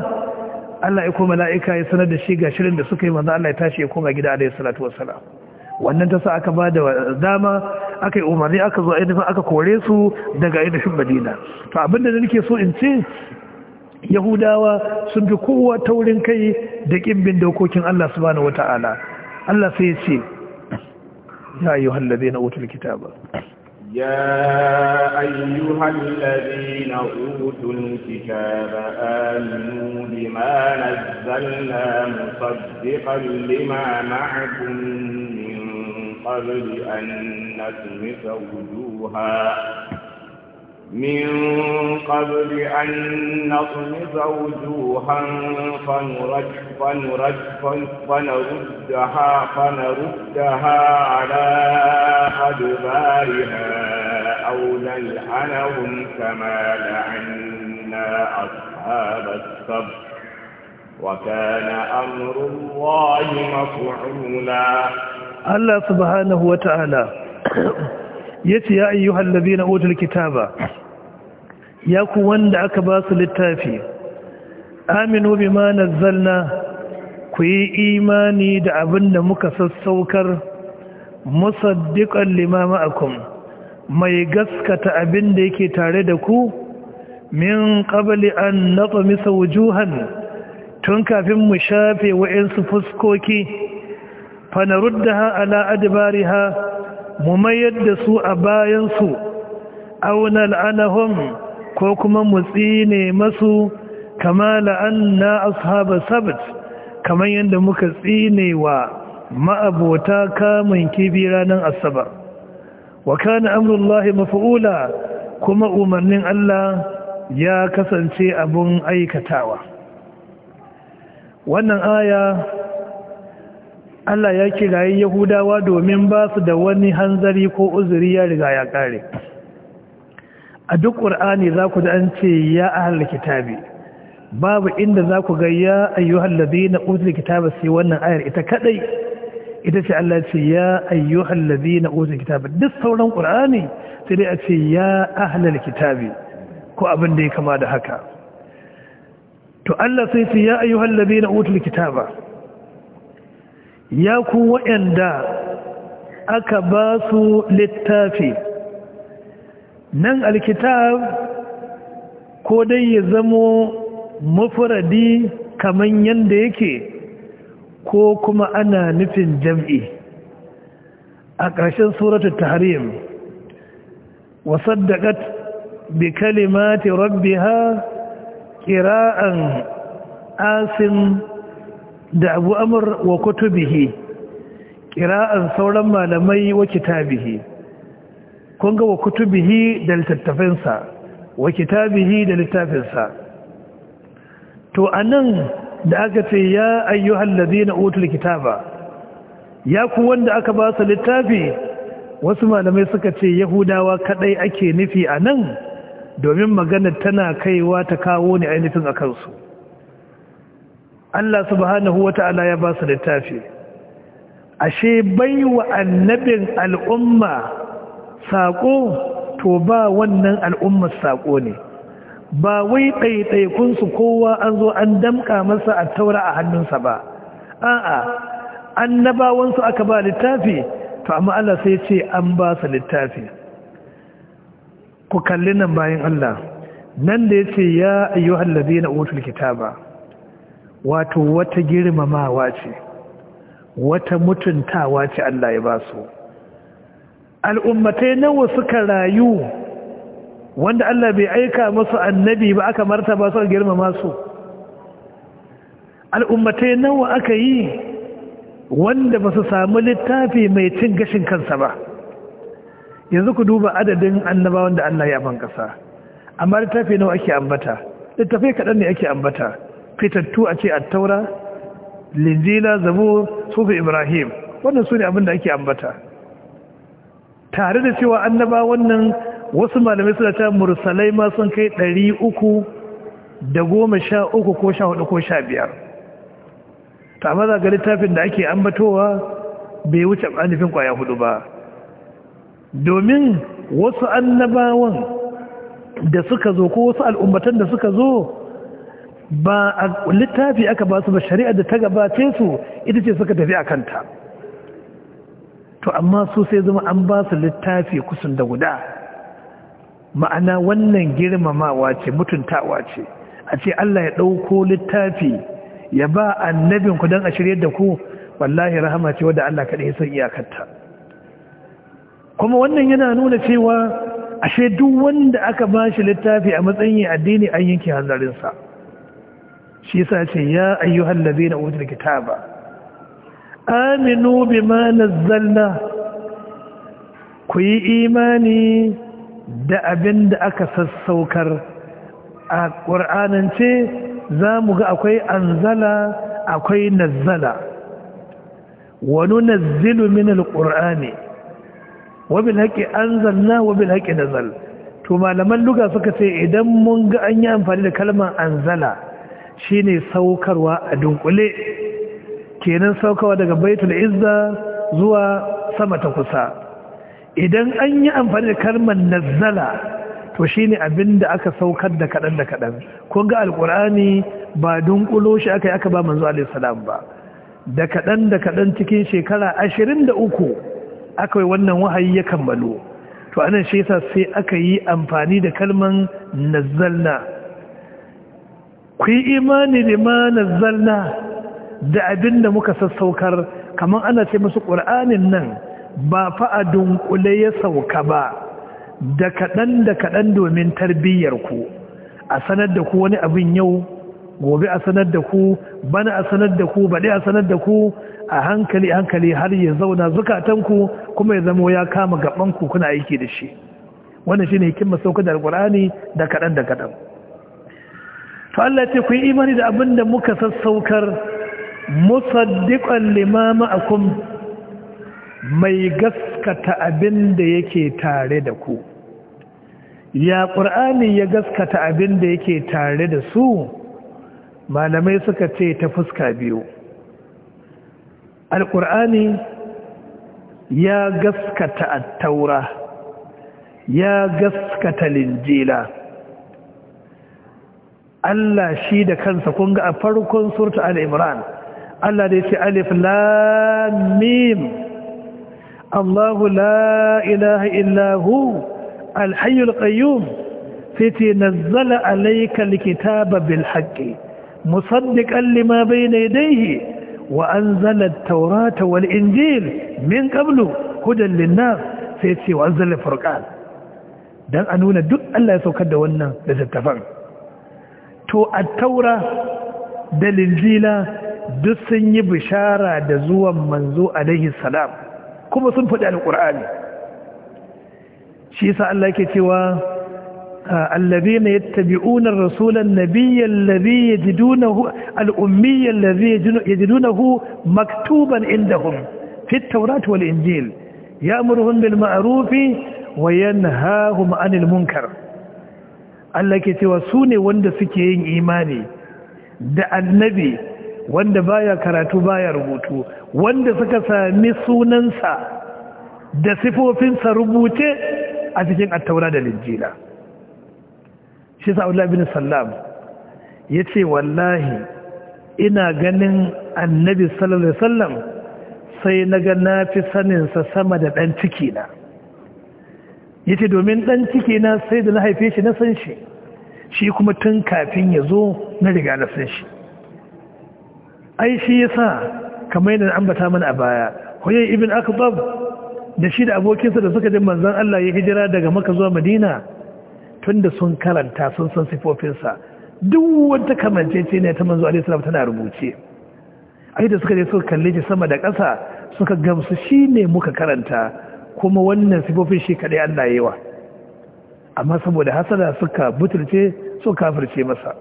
Allah ya ko mala'ika ya sanar da shi ga shirin da suka yi wanzu Allah ya tashi ya koma gida alaihi salatu wassalam wannan ta sa aka ba da dama aka yi umarni aka zo ainihin aka kore su daga ainihin madina to abinda da nake so in ce yahudawa sun fi kowa taurin kai da ƙimbin dokokin Allah subhanahu wa ta'ala Allah sai ya ce ya yi hallabe na kita ba? ya ayyu hallabe na otun kitaba aminu limana zalla musaddiƙar limana haɗin min ƙarfi an nasu mita wujuwa من قبل أن نطمس وجوها فنرد فنرد فنردها فنردها على أدبارها أو نلعنهم كما لعنا أصحاب السبت وكان أمر الله مفعولا الله سبحانه وتعالى yace ya ayyuhal ladina utul kitaba ya ku wanda aka ba su littafi aminu bima nazzalna ku yi imani da abin da muka sassaukar musaddiqan lima ma'akum mai gaskata abin da yake tare da ku min qabli an natmisa wujuhan tun kafin mu shafe wa'in su fuskoki fa naruddaha ala adbariha mu mayar da su a bayansu auna la'anahum ko kuma mu tsine masu kama la'anna ashaba sabt kamar yadda muka tsine wa ma'abota kamun kibi ranar asabar wa kana amrullahi mafi'ula kuma umarnin Allah ya kasance abun aikatawa wannan aya Allah ya kirayi Yahudawa domin ba su da wani hanzari ko uzuri ya riga ya kare. A duk ƙur'ani za ku da an ce ya ahal kitabi, babu inda za ku ga ya ayyuhal na utul kitabi sai wannan ayar ita kadai ita ce Allah ce ya ayyuhal na utul kitabi duk sauran ƙur'ani sai dai a ce ya ahlal kitabi ko abin da ya kama da haka. To Allah sai ce ya ayyuhal na utul kitaba ya ku waɗanda aka ba su littafi nan alkitab ko dai ya zamo mafuradi kaman yadda yake ko kuma ana nufin jam'i a ƙarshen suratul tahrim wasaddaƙat bi kalimati rabbiha qira'an asim da abu amur wa kutubihi kira'ar sauran malamai wa kitabihi kun ga wa kutubihi da littattafinsa wa kitabihi da littafinsa to a nan da aka ce ya ayyuhal ladina utul kitaba ya ku wanda aka ba su littafi wasu malamai suka ce yahudawa kadai ake nufi a nan domin maganar tana kaiwa ta kawo ne ainihin a kansu Allah subhanahu wata'ala ya ba su littafi ashe bai wa annabin al'umma saƙo to ba wannan al'ummar saƙo ne ba wai ɗaiɗaikunsu kowa an zo an damƙa masa a taura a hannunsa ba a'a annabawansu aka ba littafi to amma Allah sai ce an ba su littafi ku kalli nan bayan Allah nan da ya ce ya ayyuhallazina likita kitaba wato wata girmamawa ce wata mutuntawa ce Allah ya ba su al'ummatai nawa suka rayu wanda Allah bai aika masu annabi ba aka martaba su girmama su al'ummatai nawa aka yi wanda ba su samu littafi mai cin gashin kansa ba yanzu ku duba adadin annaba wanda Allah ya ban kasa amma littafi nawa ake ambata littafi kaɗan ne ake ambata fitattu a ce attaura linjila zabur sufi ibrahim wannan su ne abin da ake ambata tare da cewa annaba wannan wasu malamai suna ta mursalai ma sun kai ɗari uku da goma sha uku ko sha ko sha biyar ta maza ga littafin da ake ambatowa bai wuce alifin kwaya hudu ba domin wasu annabawan da suka zo ko wasu al'ummatan da suka zo ba a littafi aka ba su ba shari'a da ta gabace su ita ce suka tafi a kanta to amma su sai zama an ba su littafi kusan da guda ma'ana wannan girmamawa ce mutuntawa ce a ce Allah ya ɗauko littafi ya ba annabin ku don a shirye da ku wallahi rahama ce wadda Allah kaɗai ya san iyakarta kuma wannan yana nuna cewa ashe duk wanda aka ba shi littafi a matsayin addini an yanke hanzarinsa shi sa ce ya ayyuhal ladina utul kitaba aminu bima nazzalna ku yi imani da abin da aka sassaukar a ce za mu ga akwai anzala akwai nazzala wani nazzilu min alƙur'ani wabin haƙi anzalna wabin haƙi nazal to malaman luga suka ce idan mun ga an yi amfani da kalmar anzala Shi ne saukarwa a dunkule kenan saukawa daga baitul izza zuwa sama ta kusa idan an yi amfani da kalmar nazzala to shi ne abin da aka saukar da kaɗan da kaɗan kun ga Alƙur'ani ba dunkulo shi aka yi aka ba manzo alaihissalam ba da kaɗan da kaɗan cikin shekara ashirin da uku aka yi wannan wahayi ya kammalo to anan shi sai aka yi amfani da kalman nazzalna ku yi imani lima nazzalna da abin da muka sassaukar kamar ana ce masu ƙur'anin nan ba fa'adun ƙule ya sauka ba da kaɗan da kaɗan domin tarbiyyar ku a sanar da ku wani abin yau gobe a sanar da ku bana a sanar da ku baɗi a sanar da ku a hankali hankali har ya zauna zukatanku kuma ya zama ya kama ku kuna aiki da shi wannan shi shine hikimar sauka da alƙur'ani da kaɗan da kaɗan to Allah ce ku yi imani da abin da muka sassaukar musaddiqan limama akun mai gaskata abin da yake tare da ku ya ƙur'ani ya gaskata abin da yake tare da su malamai suka ce ta fuska biyu alƙur'ani ya gaskata attaura ya gaskata linjila Allah shi da kansa kun ga a farkon surta al-imran Allah da ya alif lamim Allahu la ilaha illahu alhayyul al qayyum fiti nazzala alayka al-kitaba bil haqqi musaddiqan lima bayna yadayhi wa anzala at-taurata wal injil min qablu hudan lin-nas sai ce wa anzala furqan dan a nuna duk Allah ya saukar da wannan littattafan to attaura da linzila duk sun yi bishara da zuwan manzo alaihi salam kuma sun faɗi al'ƙur'ani shi yasa Allah ke cewa allabi yattabi'una rasulan nabiyyan labi ya maktuban inda hun wal injil ya murhun bil wa yan ha hu Allah ke cewa su ne wanda suke yin imani da annabi wanda baya karatu baya rubutu wanda suka sami sunansa da sifofinsa rubuce a cikin attaura da linjila shi sa'ullah bin sallam ya ce wallahi ina ganin annabi sallallahu alaihi sai na ga na fi saninsa sama da ɗan ciki na. ya ce domin ɗan ciki na sai da na haife shi na san shi shi kuma tun kafin ya zo na riga na san shi ai shi ya sa kamar yadda ambata mana a baya hoyar ibin akbab da shi da abokinsa da suka jin manzan Allah ya hijira daga maka zuwa madina tun da sun karanta sun san sifofinsa duk wata kamance ce ne ta manzo alaihi salam tana rubuce ai da suka je suka kalle shi sama da ƙasa suka gamsu shi ne muka karanta kuma wannan sifofin shi kaɗai Allah yi wa amma saboda hasada suka butulce su kafirce masa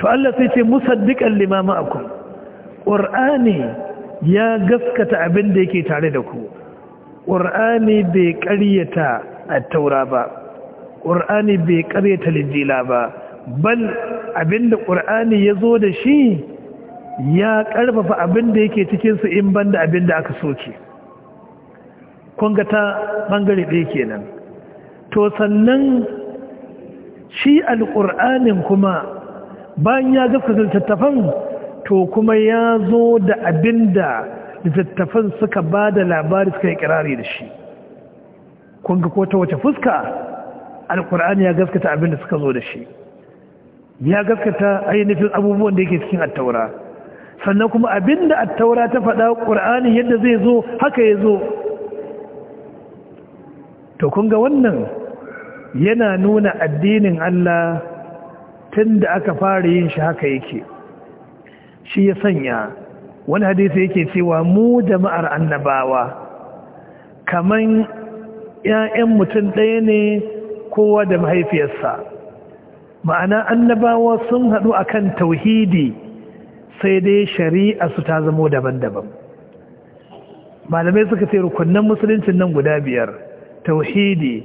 to Allah sai ce musaddiqan lima ma'akum qur'ani ya gaskata abin da yake tare da ku qur'ani bai ƙaryata at-taura ba qur'ani bai ƙaryata linjila ba bal da qur'ani zo da shi ya ƙarfafa abin da yake cikin su in banda abin da aka soke Kunga ta bangare ɗaya kenan to sannan shi alƙur'anin kuma bayan ya gaskata littattafan to kuma ya zo da abin da littattafan suka ba da labari suka yi kirari da shi Kunga ko ta wace fuska alƙur'ani ya gaskata abin da suka zo da shi ya gaskata ainihin abubuwan da yake cikin attaura sannan kuma abin da attaura ta faɗa ƙur'ani yadda zai zo haka ya zo to kun ga wannan yana nuna addinin Allah tun da aka fara yin shi haka yake shi ya sanya wani hadisi yake cewa mu jama'ar annabawa kaman 'ya'yan mutum ɗaya ne kowa da mahaifiyarsa ma'ana annabawa sun haɗu akan tauhidi sai dai shari'a su ta zamo daban-daban malamai suka ce rukunnan musuluncin nan guda biyar tauhidi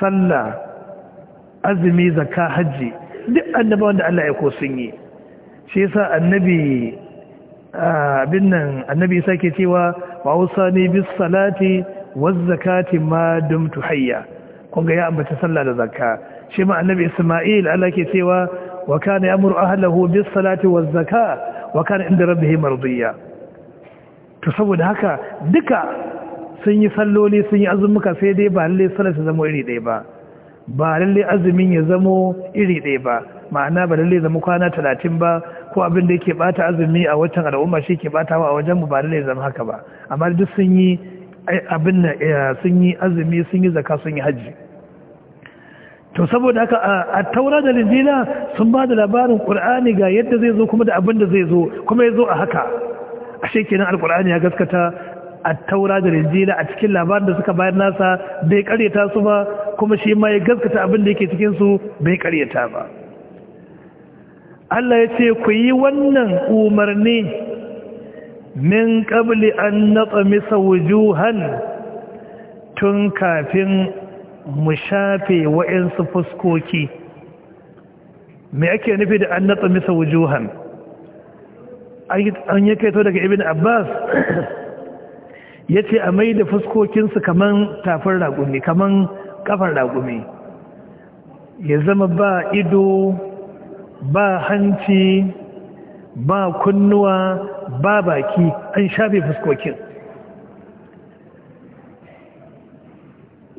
sallah azumi zakka hajji duk annabawan da Allah ya ko sun yi shi yasa annabi abin nan annabi sake cewa wa usani bis salati waz zakati ma dumtu hayya kun ga ya ambaci sallah da zakka shi ma annabi Isma'il Allah ke cewa wa kana ya'muru ahlahu bis salati waz zakka wa kana inda rabbih mardiya to saboda haka duka sun yi salloli sun yi azumuka sai dai ba lalle sallar ta zama iri ɗaya ba ba lalle azumin ya zamo iri ɗaya ba ma'ana ba lalle zama kwana talatin ba ko abin da yake bata azumi a watan al'umma shi ke batawa a wajen mu ba lalle zama haka ba amma duk sun yi abin eh, sun yi azumi sun yi zaka sun yi hajji to saboda haka a taura da linjila sun ba da labarin qur'ani ga yadda zai zo kuma da abin da zai zo kuma ya zo a haka ashe kenan Alqur'ani ya gaskata A taura da rinjila a cikin labarin da suka bayar nasa bai karyata su ba kuma shi ma ya gaskata abin da yake cikin su bai karyata ba Allah ya ce ku yi wannan umarni min qabli an misa wujuhan tun kafin mu shafe wa'insu fuskoki me ake nufi da an misa wujuhan an yi kaito daga ibn abbas ya ce a mai da fuskokinsu kaman tafin ragumi kaman kafar ragumi ya zama ba ido ba hanci ba kunnuwa ba baki an shafe fuskokin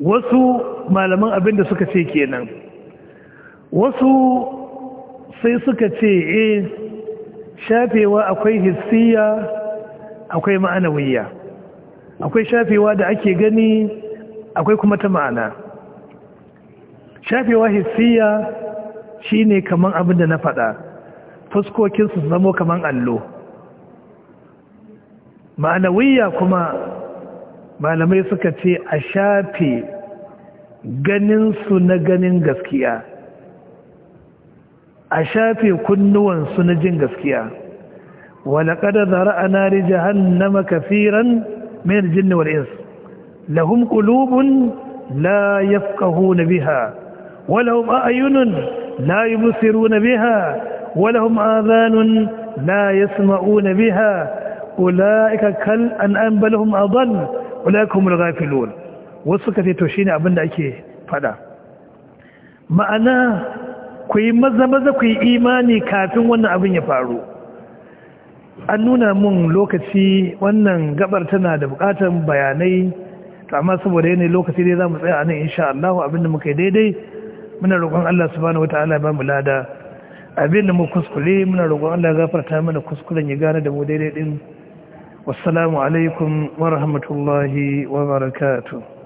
wasu malaman abin da suka ce kenan wasu sai suka ce eh shafewa akwai hissiya akwai ma'anawiyya akwai shafewa da ake gani akwai kuma ta ma'ana shafewa hissiya shine kaman abin da na faɗa fuskokinsu su zamo kaman allo ma'anawiyya kuma malamai suka ce a shafe ganinsu na ganin gaskiya a shafe kunnuwansu na jin gaskiya walaƙada zara a na jahannama kafiran من الجن والإنس لهم قلوب لا يفقهون بها ولهم أعين لا يبصرون بها ولهم آذان لا يسمعون بها أولئك كل أن أنبلهم أضل أولئك هم الغافلون في توشيني أبن أكي فلا معنا كي مزا مزا كي إيماني yi imani kafin an nuna mun lokaci wannan gabar tana da bukatar bayanai amma saboda yanayi lokaci dai za mu tsaya a nan insha Allah da muka yi daidai muna roƙon Allah subhanahu wataala ba mu lada Abin da mu kuskure muna roƙon Allah gafarta mana kuskuren ya gane da mu daidai din wassalamu alaikum wa rahmatullahi wa barakatuh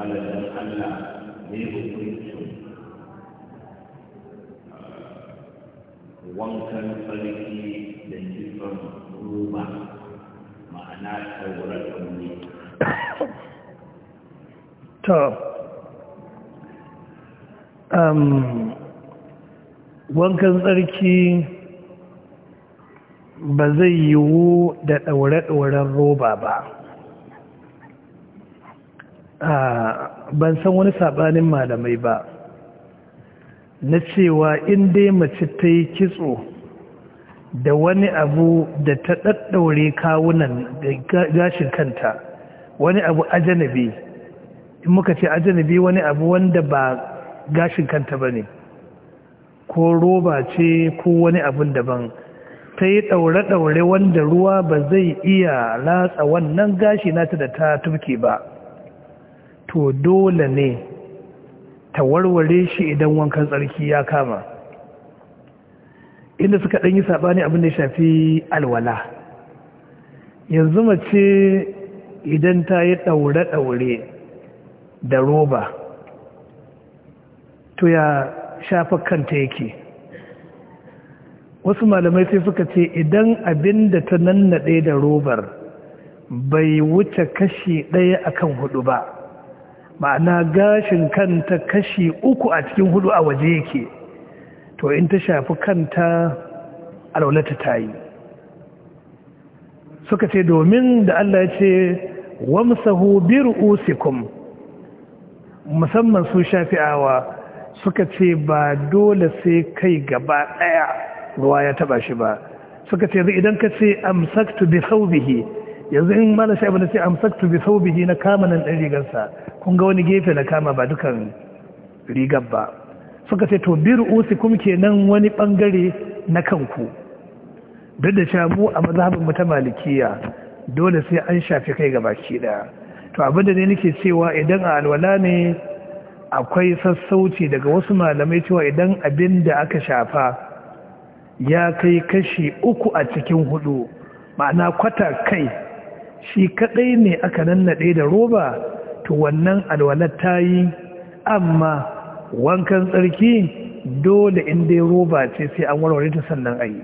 malamin Allah ne hukuncin wankan tsarki da kifan roba ma'ana taurar ɗauri. To, um, wankan tsarki ba zai yiwu da ɗaure-ɗauren roba ba. ban san wani saɓanin malamai ba na cewa in dai mace ta yi kitso da wani abu da ta ɗaɗɗaure kawunan da gashin kanta wani abu ajanabi in muka ce ajanabi wani abu wanda ba gashin kanta ba ne ko roba ce ko wani abun daban ta yi ɗaure-ɗaure wanda ruwa ba zai iya latsa wannan gashi nata da ta tufke ba to dole ne ta warware shi idan wankan tsarki ya kama inda suka ɗan yi saɓani abin da ya shafi alwala yanzu mace idan ta yi ɗaure-ɗaure da roba to ya shafa kanta yake wasu malamai sai suka ce idan abin da ta nannaɗe da robar bai wuce kashi ɗaya akan hudu ba ma'ana gashin kanta kashi uku a cikin hudu a waje yake to in ta shafi kanta alaunata ta yi suka ce domin da Allah ce wamsahu bi musamman su shafi'awa suka ce ba dole sai kai gaba daya ruwa ya taba shi ba suka ce idan ka ce amsaktu bi saubihi yanzu in mala sha'ibu na ce amsaktu bi saubihi na kama nan ɗan rigarsa kun ga wani gefe na kama ba dukan rigar ba suka ce to bi usi kum kenan wani bangare na kanku duk da cewa mu a mazhabin mu ta malikiya dole sai an shafi kai ga baki daya to abin da ne nake cewa idan a alwala ne akwai sassauci daga wasu malamai cewa idan abin da aka shafa ya kai kashi uku a cikin hudu ma'ana kwata kai shi kaɗai ne aka nannaɗe da roba to wannan alwalar ta yi amma wankan tsarki dole inda ya roba ce sai an warware ta sannan a yi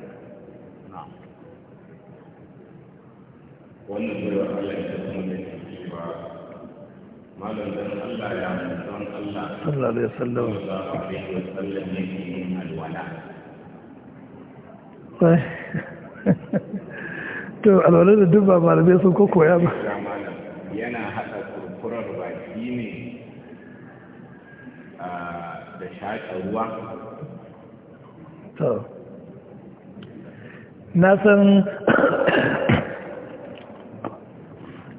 to alwalar da duk ba sun ko koya ba yana haɗa kurkurar baki ne da shaƙa ruwa to na san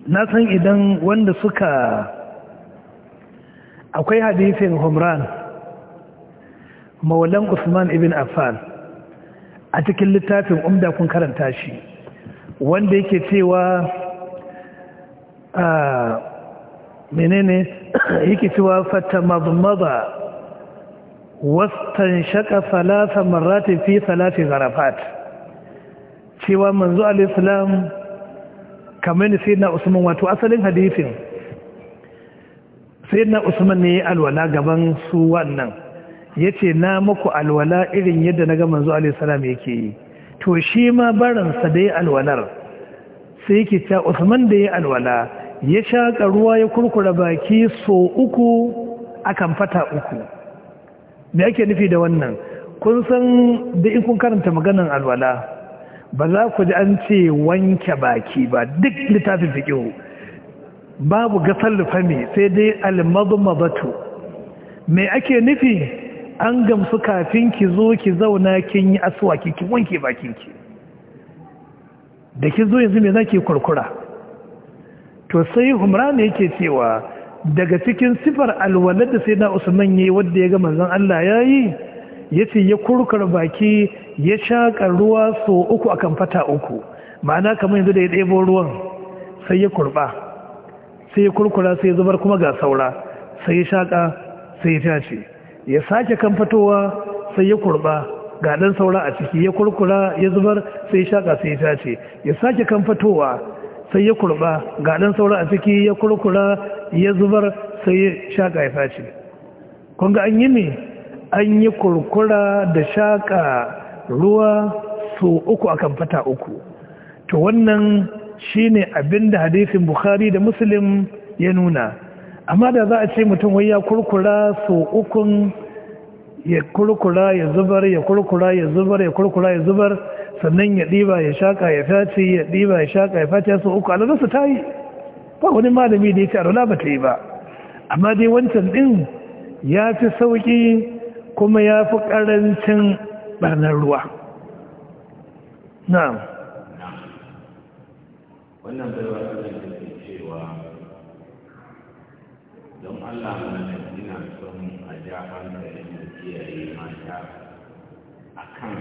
na san idan wanda suka akwai hadisin humran maulan usman ibn affan a cikin littafin umda kun karanta shi wanda yake cewa a ah, menene yake cewa fata mazmaza, wastan shaka salasa marrati fi salati zarafat cewa manzo al-islam kamar sai na usman wato asalin hadisin sai usman ne alwala gaban su wannan yace na muku alwala irin yadda naga ga manzo alaihissalam yake yi to shi ma baransa da ya alwalar sai yake ta usman da ya alwala ya shaƙa ruwa ya kurkura baki so uku akan fata uku me ake nufi da wannan kun san da in kun karanta maganar alwala ba za ku ji an ce wanke baki ba duk littafin fiƙihu babu gasar lufami sai dai almazmazatu me ake nufi an gamsu kafin ki zo ki zauna kin yi asuwa ki wanke bakinki da ki zo yanzu me zaki kurkura to sai humra ne yake cewa daga cikin sifar alwalar da sai na usman yayi wanda ya ga manzon Allah yayi yace ya kurkura baki ya shaka ruwa so uku akan fata uku ma'ana kamar yanzu da ya ɗebo ruwan sai ya kurba sai ya kurkura sai ya zubar kuma ga saura sai ya shaka sai ya tace ya sake kan fitowa sai ya kurba ga dan saura a ciki ya kurkura ya zubar sai ya shaka sai ya tace ya sake kan fitowa sai ya kurba ga dan saura a ciki ya kurkura ya zubar sai ya shaka ya tace kun ga an yi ne an yi kurkura da shaka ruwa su uku akan fata uku to wannan shine abinda hadisin bukhari da muslim ya nuna amma da za a ce mutum wai ya kurkura so ukun ya kurkura ya zubar ya kurkura ya zubar ya kurkura ya zubar sannan ya ɗiba ya shaƙa ya face ya ɗiba ya shaƙa ya face so uku alalarsa su tayi ba wani malami da ya ce alwala ba ta yi ba amma dai wancan ɗin ya fi sauƙi kuma ya fi ƙarancin ɓarnar ruwa na'am wannan baiwa don allah mana ina son a ja hankali mu kiyaye mata a kan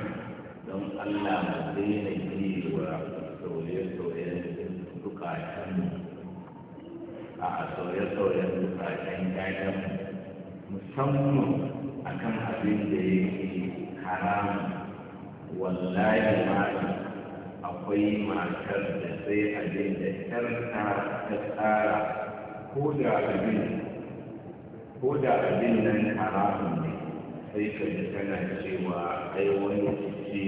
don allah mu daina wa sauye-sauyen dukatanmu a sauye-sauyen dukatan yayan musamman a kan abin da yake haramu wallahi mata akwai matar da sai abin da ta tsara ko da abin ko da abin nan haramun ne sai ka ji tana cewa ai wani ce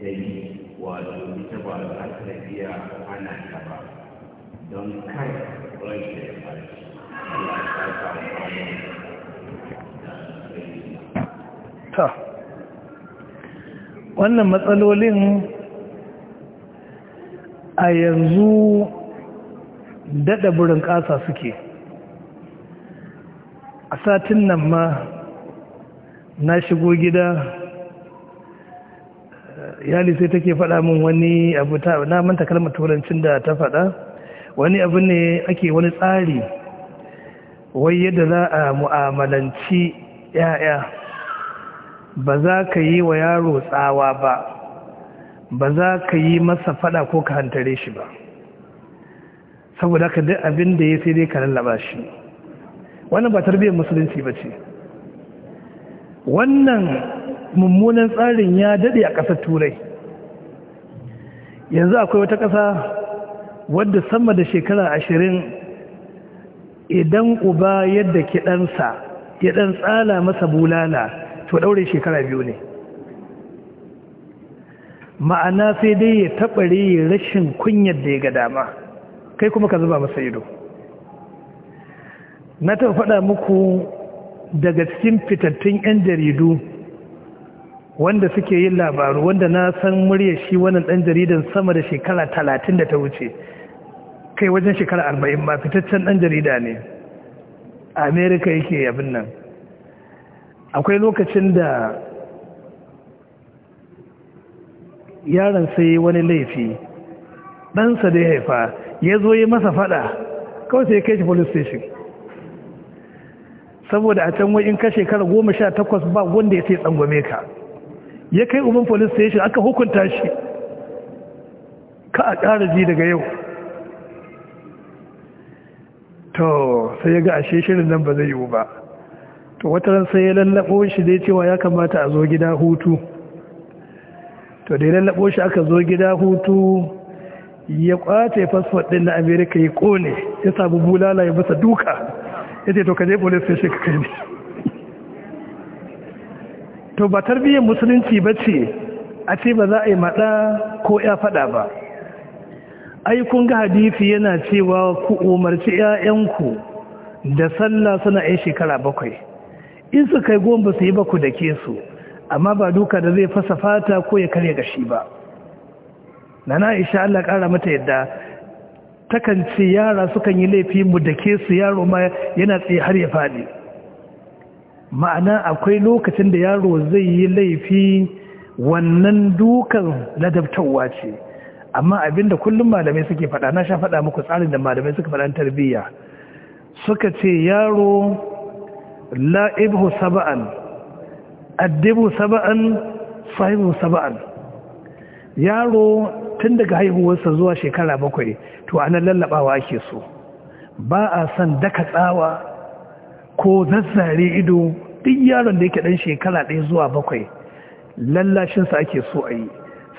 ta yi wato ita ba za ta iya ana ta ba don kai rai ya fashi Allah ta samu ta wannan matsalolin a yanzu daɗa burin ƙasa suke a satin nan ma na shigo gida yali sai take faɗa min wani abu ta na manta kalmar turancin da ta faɗa wani abu ne ake wani tsari wai yadda za a mu'amalanci ya'ya ba za ka yi wa yaro tsawa ba ba za ka yi masa faɗa ko ka hantare shi ba saboda ka duk abin da ya sai dai ka lallaba shi wannan ba tarbiyyar musulunci ba ce wannan mummunan tsarin ya dade a ƙasar turai yanzu akwai wata ƙasa wadda sama da shekara ashirin idan uba yadda kiɗansa ya ɗan tsala masa bulala to ɗaure shekara biyu ne ma'ana sai dai ya taɓare rashin kunyar da ya ga dama kai kuma ka zuba masa ido na ta faɗa muku daga cikin fitattun 'yan jaridu wanda suke yin labaru wanda na san murya shi wannan ɗan jaridan sama da shekara talatin da ta wuce kai wajen shekara arba'in ma fitaccen ɗan jarida ne a amerika yake abin nan akwai lokacin da yaron sai wani laifi ɗansa da ya haifa ya zo yi masa faɗa kawai sai ya kai shi police station saboda a can wai in ka shekara goma sha takwas ba wanda ya sai tsangwame ka ya kai uban police station aka hukunta shi ka a ƙara ji daga yau to sai ya ga a shirin nan ba zai yiwu ba to wata ran sai ya lallabo shi dai cewa ya kamata a zo gida hutu to da ya lallabo shi aka zo gida hutu ya kwace fasfot ɗin na amerika ya kone ya samu bulala ya masa duka ya ce to sai je ka kai ne to ba tarbiyyar musulunci ba ce a ce ba za a yi maɗa ko ya faɗa ba Aikun ga hadisi yana cewa ku umarci 'ya'yanku da sallah suna yin shekara bakwai in su kai goma ba su yi ba ku da ke su amma ba duka da zai fasa fata ko ya karya gashi ba Na isha Allah kara mata yadda takan ce yara sukan yi laifi mu da ke su yaro ma yana tsaye har ya faɗi ma'ana akwai lokacin da yaro zai yi laifi wannan dukan ladabtawa ce amma abinda kullum malamai suke faɗa na sha faɗa muku tsarin da malamai suka faɗa tarbiyya suka ce yaro la'ibu saba'an addibu saba'an sahibu saba'an yaro tun daga haihuwarsa zuwa shekara bakwai to anan lallabawa ake so ba a son daka tsawa ko zazzare ido duk yaron da yake dan shekara ɗaya zuwa bakwai lallashinsa ake so a yi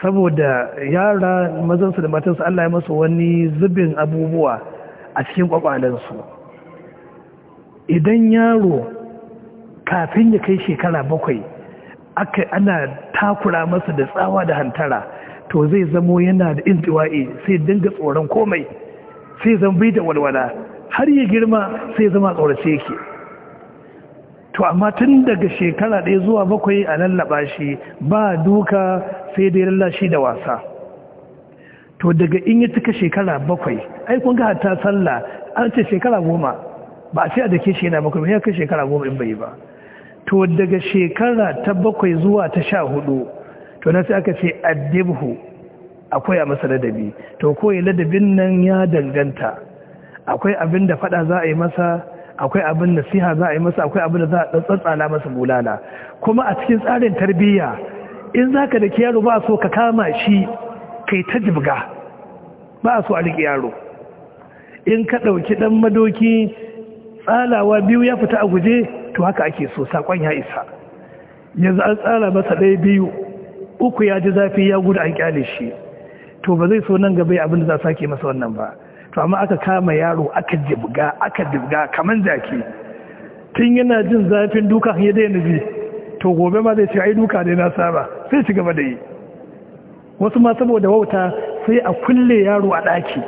saboda yara mazansu da matansu Allah ya masu wani zubin abubuwa a cikin kwakwalensu idan yaro kafin ya kai shekara bakwai ana takura masa da tsawa da hantara to zai zamo yana da intiwa'i sai dinga tsoron komai sai zan bai da walwala har ya girma sai zama tsorace yake to amma tun daga shekara ɗaya zuwa bakwai a lallaba shi ba duka sai dai lallashi da wasa to daga in ya cika shekara bakwai ai kun ga ta sallah an ce shekara goma ba a ce a da ke shekara bakwai ya kai shekara goma in bai ba to daga shekara ta bakwai zuwa ta sha hudu to na sai aka ce addibhu akwai a masa ladabi to koyi ladabin nan ya danganta akwai abin da fada za a yi masa akwai abin nasiha za a yi masa akwai abin da za a tsatsala masa bulala kuma a cikin tsarin tarbiyya in za ka da yaro ba so ka kama shi kai ta jibga ba so a riƙe yaro in ka ɗauki ɗan madoki tsalawa biyu ya fita a guje to haka ake so sakon ya isa yanzu an tsara masa ɗaya biyu uku ya ji zafi ya gudu an kyale shi to ba zai so nan gaba ya abin da za a sake masa wannan ba to amma aka kama yaro aka jibga aka jibga kaman jaki tun yana jin zafin duka ya dai ji to gobe ma zai ce ai duka dai na saba sai ci gaba da yi wasu ma saboda wauta sai a kulle yaro a ɗaki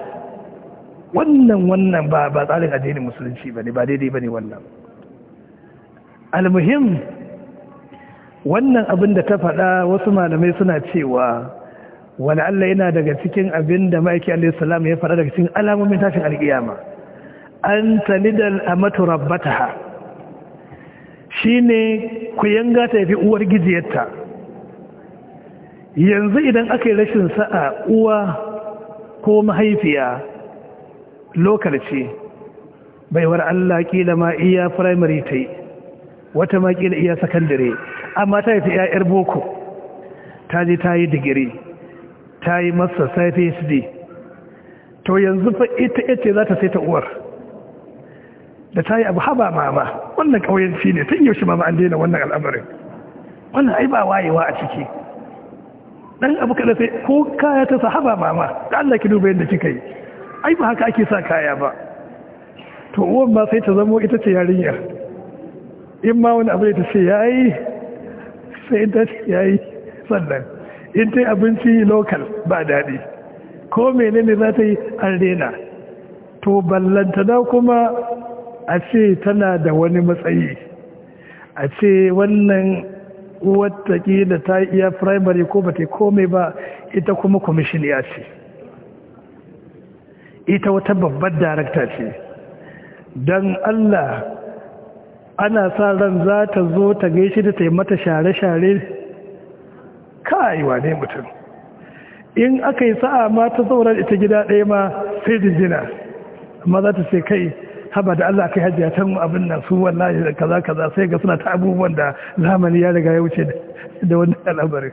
wannan wannan ba ba tsarin addinin musulunci ba ne ba daidai ba ne wannan almuhim wannan abin da ta faɗa wasu malamai suna cewa wani Allah yana daga cikin abin da ma'aiki alaihissalam ya faɗa daga cikin alamomin tashin alƙiyama an da amatu Shi ne ku yanga ta yafi uwar gijiyarta yanzu idan aka yi rashin sa'a uwa ko mahaifiya lokaci baiwar Allah kila ma iya firamare ta yi wata ma kila iya sakandare amma ta yi ta boko ta je ta yi digiri ta yi masa sai phd to yanzu fa ita ita za ta sai ta uwar da ta yi abu haba mama wannan ƙauyenci ne tun yaushe mama an daina wannan al'amarin wannan ai ba wayewa a ciki dan abu kada sai ko kaya ta sahaba mama da Allah ki duba yadda kika yi ai ba haka ake sa kaya ba to uwan ma sai ta zamo ita ce yarinyar in ma wani abu da ta ce yayi sai ta ya yi sannan in ta abinci lokal ba daɗi ko menene za ta yi an rena to ballantana kuma a ce tana da wani matsayi a ce wannan wata da ta iya firamare ko ba ta komai ba ita kuma kwamishiniya ce ita wata babbar darakta ce don allah ana sa ran za ta zo ta gaishe da ta yi mata share-share kai ne mutum in aka yi sa'a ma ta zaunar ita gida ɗaya ma sai jinjina amma za ta sai kai haba da Allah kai hajjiya ta abin nan su wallahi da kaza kaza sai ga suna ta abubuwan da zamani ya riga ya wuce da wannan al'amarin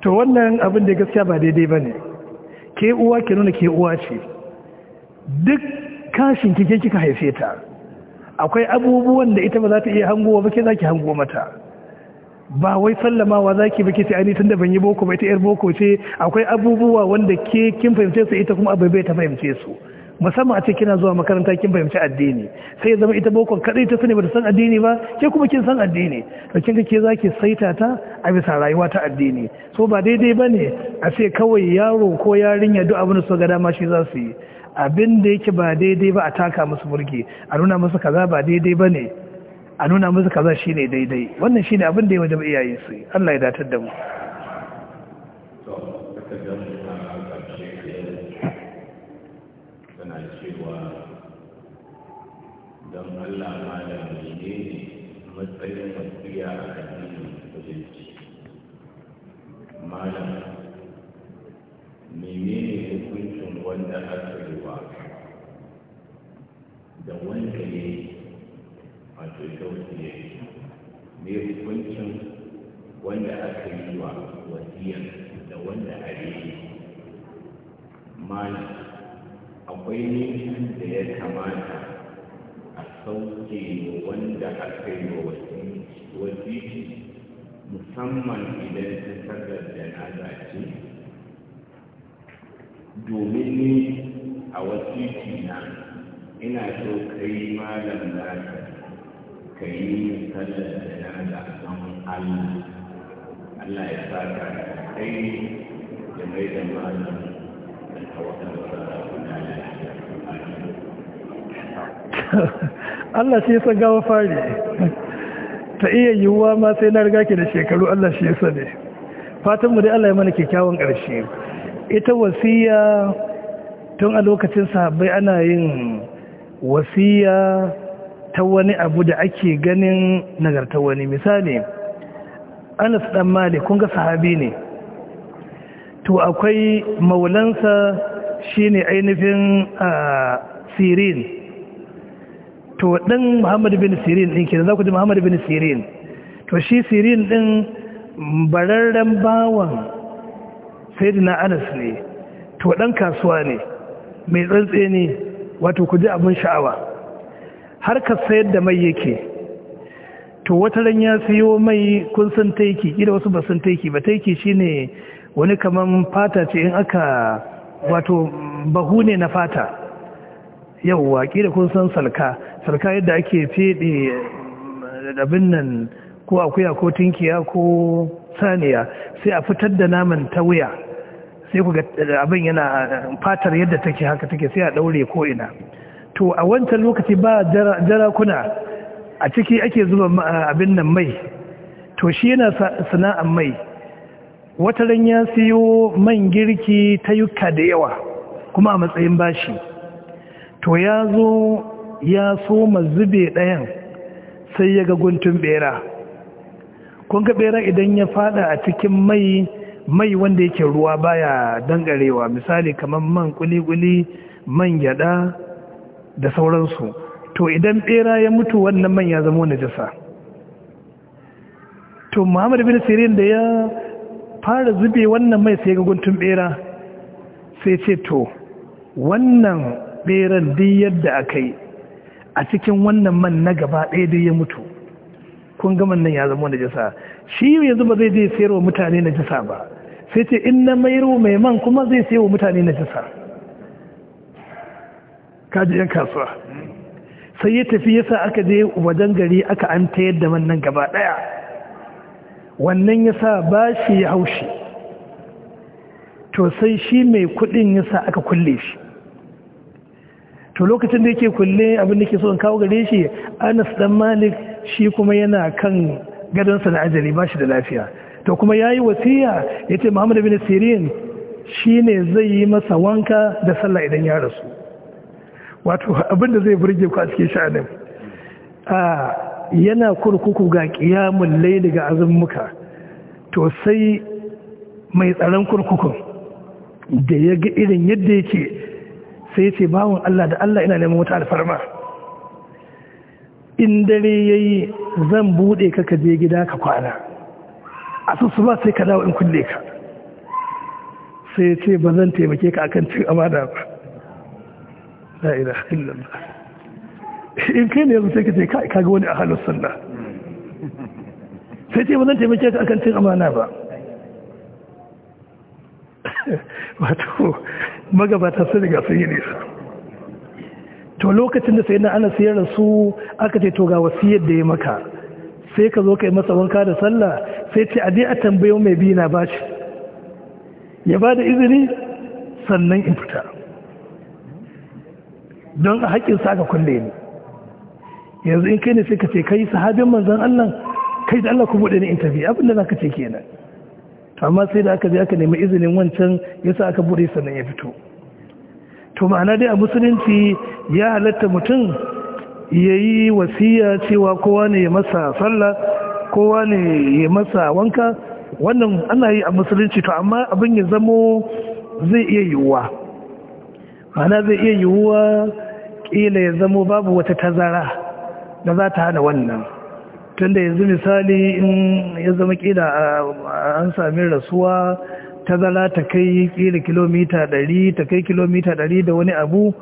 to wannan abin da gaskiya ba daidai bane ke uwa ke nuna ke uwa ce duk kashin kike kika haife ta akwai abubuwan da ita ba za ta iya hango ba ke za ki hango mata ba wai sallamawa za ki ke ce ainihin da ban yi boko ba ita yar boko ce akwai abubuwa wanda ke kin fahimce su ita kuma abai bai ta fahimce su musamman a ce kina zuwa makaranta kin fahimci addini sai ya zama ita bokon kadai ta sani bata san addini ba ke kuma kin san addini to kin ga ke zaki saita ta a bisa rayuwa ta addini so ba daidai bane a ce kawai yaro ko yarinya duk abin da su ga dama shi za su yi abin da yake ba daidai ba a taka musu burge a nuna musu kaza ba daidai ba ne a nuna musu kaza shi ne daidai wannan shi ne abin da ya wajen yi su Allah ya datar da mu malam menene hukuncin wanda aka da wanda ya yi wato ne ne hukuncin wanda aka yi wa wasiya da wanda a yi mana akwai nishin da ya kamata a sauke wanda aka yi wa wasiya musamman idan ta da na ce domin ne a wasiki na ina so ka yi malam da ka yi sallar da da don Allah Allah ya saka kai da mai da malam da kawata Allah shi san gawa fari ta iya yiwuwa ma sai na riga ki da shekaru Allah shi ya sani fatan mu dai Allah ya mana kyakkyawan ƙarshe ita wasiya tun a lokacin sahabbai ana yin wasiya ta wani abu da ake ganin nagarta wani misali anas dan malik kun ga sahabi ne to akwai maulansa shine ainihin a sirin to ɗin muhammad bin sirin din kenan za ku ji muhammad bin sirin to shi sirin din bararren bawan sayyidina anas ne to ɗan kasuwa ne mai tsantsene ne wato ku ji abin sha'awa ka sayar da mai yake to wata ran ya siyo mai kun san taiki kila wasu ba san taiki ba taiki shine wani kaman fata ce in aka wato bahu ne na fata yauwa kila kun san salka salka yadda ake fede eh, abin nan ko akuya ko tinkiya ko saniya sai a fitar da naman ta wuya sai ku ga eh, abin yana eh, fatar yadda take haka take sai a daure ko ina to a wancan lokaci ba jarakuna a ciki ake zuba eh, abin nan mai to shi yana sana'an mai wata ran ya siyo man girki ta yuka da yawa kuma a matsayin bashi to ya zo ya soma zube ɗayan sai ya ga guntun bera kun ga bera idan ya fada a cikin mai mai wanda yake ruwa baya dangarewa misali kamar man kulikuli man gyada da sauransu to idan bera ya mutu wannan man ya zama wani jasa, to Muhammad bin Sirin da ya fara zube wannan mai sai ga guntun bera sai ce to wannan beran duk yadda aka yi a cikin wannan man na gaba ɗaya dai ya mutu kun gama nan ya zama najasa shi yanzu ba zai sayar wa mutane najasa ba sai ce in na mairu mai man kuma zai sayarwa mutane najasa kaji yan kasuwa sai ya tafi yasa aka je wajen gari aka an ta yadda mannan gaba daya wannan yasa ba shi ya haushi to sai shi mai kudin yasa aka kulle shi to lokacin da yake kulle abin da ke so in kawo gare shi anas dan malik shi kuma yana kan gadon gadonsa na ajali ba shi da lafiya to kuma ya yi wasiya ya ce muhammadu bin sirin shi ne zai yi masa wanka da sallah idan ya rasu wato abin da zai burge ku a cikin sha'anin yana kurkuku ga kiyamun laili ga azummuka to sai mai tsaron kurkukun da ya ga irin yadda yake sai ce bawon Allah da Allah ina neman wata alfarma in dare yayi zan bude ka je gida ka kwana asusu ba sai ka dawo in kulle ka sai ce ba zan taimake ka akan cin amana ba la ilaha illallah in kai ne yanzu sai ka ce ka ga wani a halin sunna sai ce ba zan taimake ka akan cin amana ba wato magabata sun riga sun yi nisa to lokacin da sai na ana sayar da su aka ce to ga wasiyar da ya maka sai ka zo ka yi masa wanka da sallah sai ce a je a tambayo mai bi na bashi ya ba da izini sannan in fita don a sa ga kulle ni yanzu in kai ne sai ka ce kai sahabin manzan Allah kai da Allah ku buɗe ni in tafi da za ka ce kenan amma sai da aka je aka nemi izinin wancan ya yasa aka bude sannan ya fito to ma'ana dai a musulunci ya halatta mutum ya yi wasiya cewa kowa ne ya masa sallah kowa ne ya masa wanka wannan ana yi a musulunci to amma abin ya zamo zai iya yiwuwa ma'ana zai iya yiwuwa ƙila ya zamo babu wata tazara da za ta hana wannan tunda yanzu misali in ya zama kila an sami rasuwa ta zala ta kai kila kilomita 100 ta kai kilomita 100 da wani abu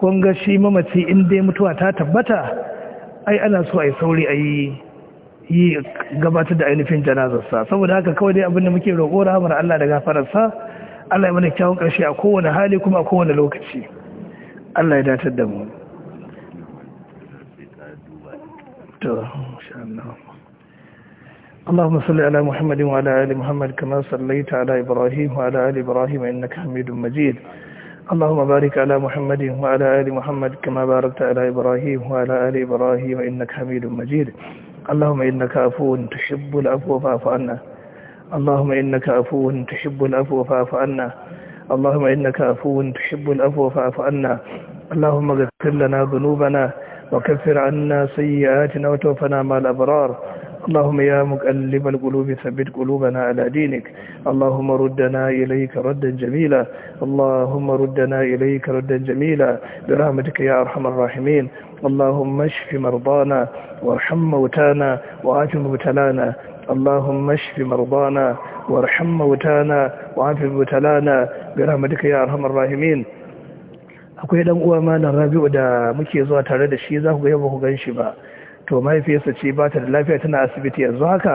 kunga shi mamaci in dai mutuwa ta tabbata ai ana so a yi sauri a yi yi gabatar da ainihin janazarsa saboda haka kawai dai abinda muke roƙo rahamar Allah da gafararsa Allah ya mana kyawun ƙarshe a kowane hali kuma a kowane lokaci Allah ya datar da mu to النار اللهم صل على محمد وعلى آل محمد كما صليت على إبراهيم وعلى آل إبراهيم إنك حميد مجيد اللهم بارك على محمد وعلى آل محمد كما باركت على إبراهيم وعلى آل إبراهيم إنك حميد مجيد اللهم إنك عفو تحب العفو فاعف عنا اللهم إنك عفو تحب العفو فاعف عنا اللهم إنك عفو تحب العفو فاعف عنا اللهم اغفر لنا ذنوبنا وكفر عنا سيئاتنا وتوفنا مع الأبرار اللهم يا مقلب القلوب ثبت قلوبنا على دينك اللهم ردنا إليك ردا جميلا اللهم ردنا إليك ردا جميلا برحمتك يا أرحم الراحمين اللهم اشف مرضانا وارحم موتانا وآت مبتلانا اللهم اشف مرضانا وارحم موتانا وعاف مبتلانا برحمتك يا أرحم الراحمين akwai dan uwa malam rabi'u da muke zuwa tare da shi za ku ga yau ba gan shi ba to mahaifiyarsa ce ba ta da lafiya tana asibiti yanzu haka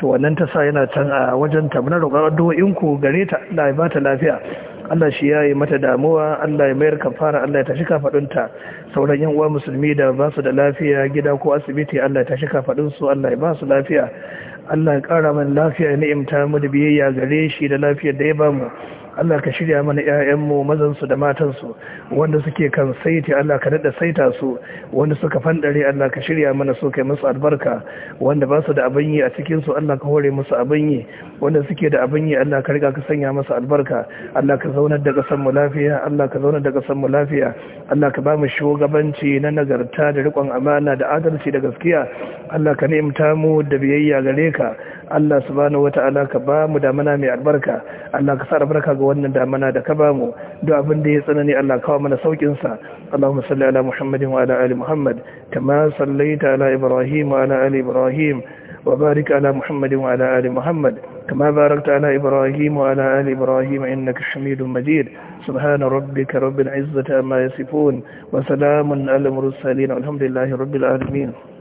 to wannan ta sa yana can a wajen ta muna roƙar addu'o'in ku gare ta Allah ya ba ta lafiya Allah shi ya yi mata damuwa Allah ya mayar kafara Allah ya tashi ta sauran yan uwa musulmi da ba su da lafiya gida ko asibiti Allah ya tashi kafadun su Allah ya ba su lafiya Allah ya ƙara mana lafiya ni'imta mu da biyayya gare shi da lafiyar da ya ba mu Allah ka shirya mana 'ya'yanmu mazansu da matansu wanda suke kan saiti Allah ka daɗa saita su wanda suka fanɗare Allah ka shirya mana su kai musu albarka wanda ba su da abin yi a cikinsu Allah ka hore musu abin yi wanda suke da abin yi Allah ka riga ka sanya masa albarka Allah ka zaunar da kasar mu lafiya Allah ka zaunar da kasar mu lafiya Allah ka ba mu shugabanci na nagarta da riƙon amana da adalci da gaskiya Allah ka nemta mu da biyayya gare ka Allah subhanahu wata'ala ka ba mu damana mai albarka Allah ka sa albarka ga wannan damana da ka ba mu duk abin da ya tsanani Allah kawo mana saukin sa Allahumma salli ala Muhammadin wa ala ali Muhammad kama sallaita ala Ibrahim wa ala ali Ibrahim وبارك على محمد وعلى آل محمد كما باركت على إبراهيم وعلى آل إبراهيم إنك حميد مجيد سبحان ربك رب العزة أما يصفون وسلام على المرسلين والحمد لله رب العالمين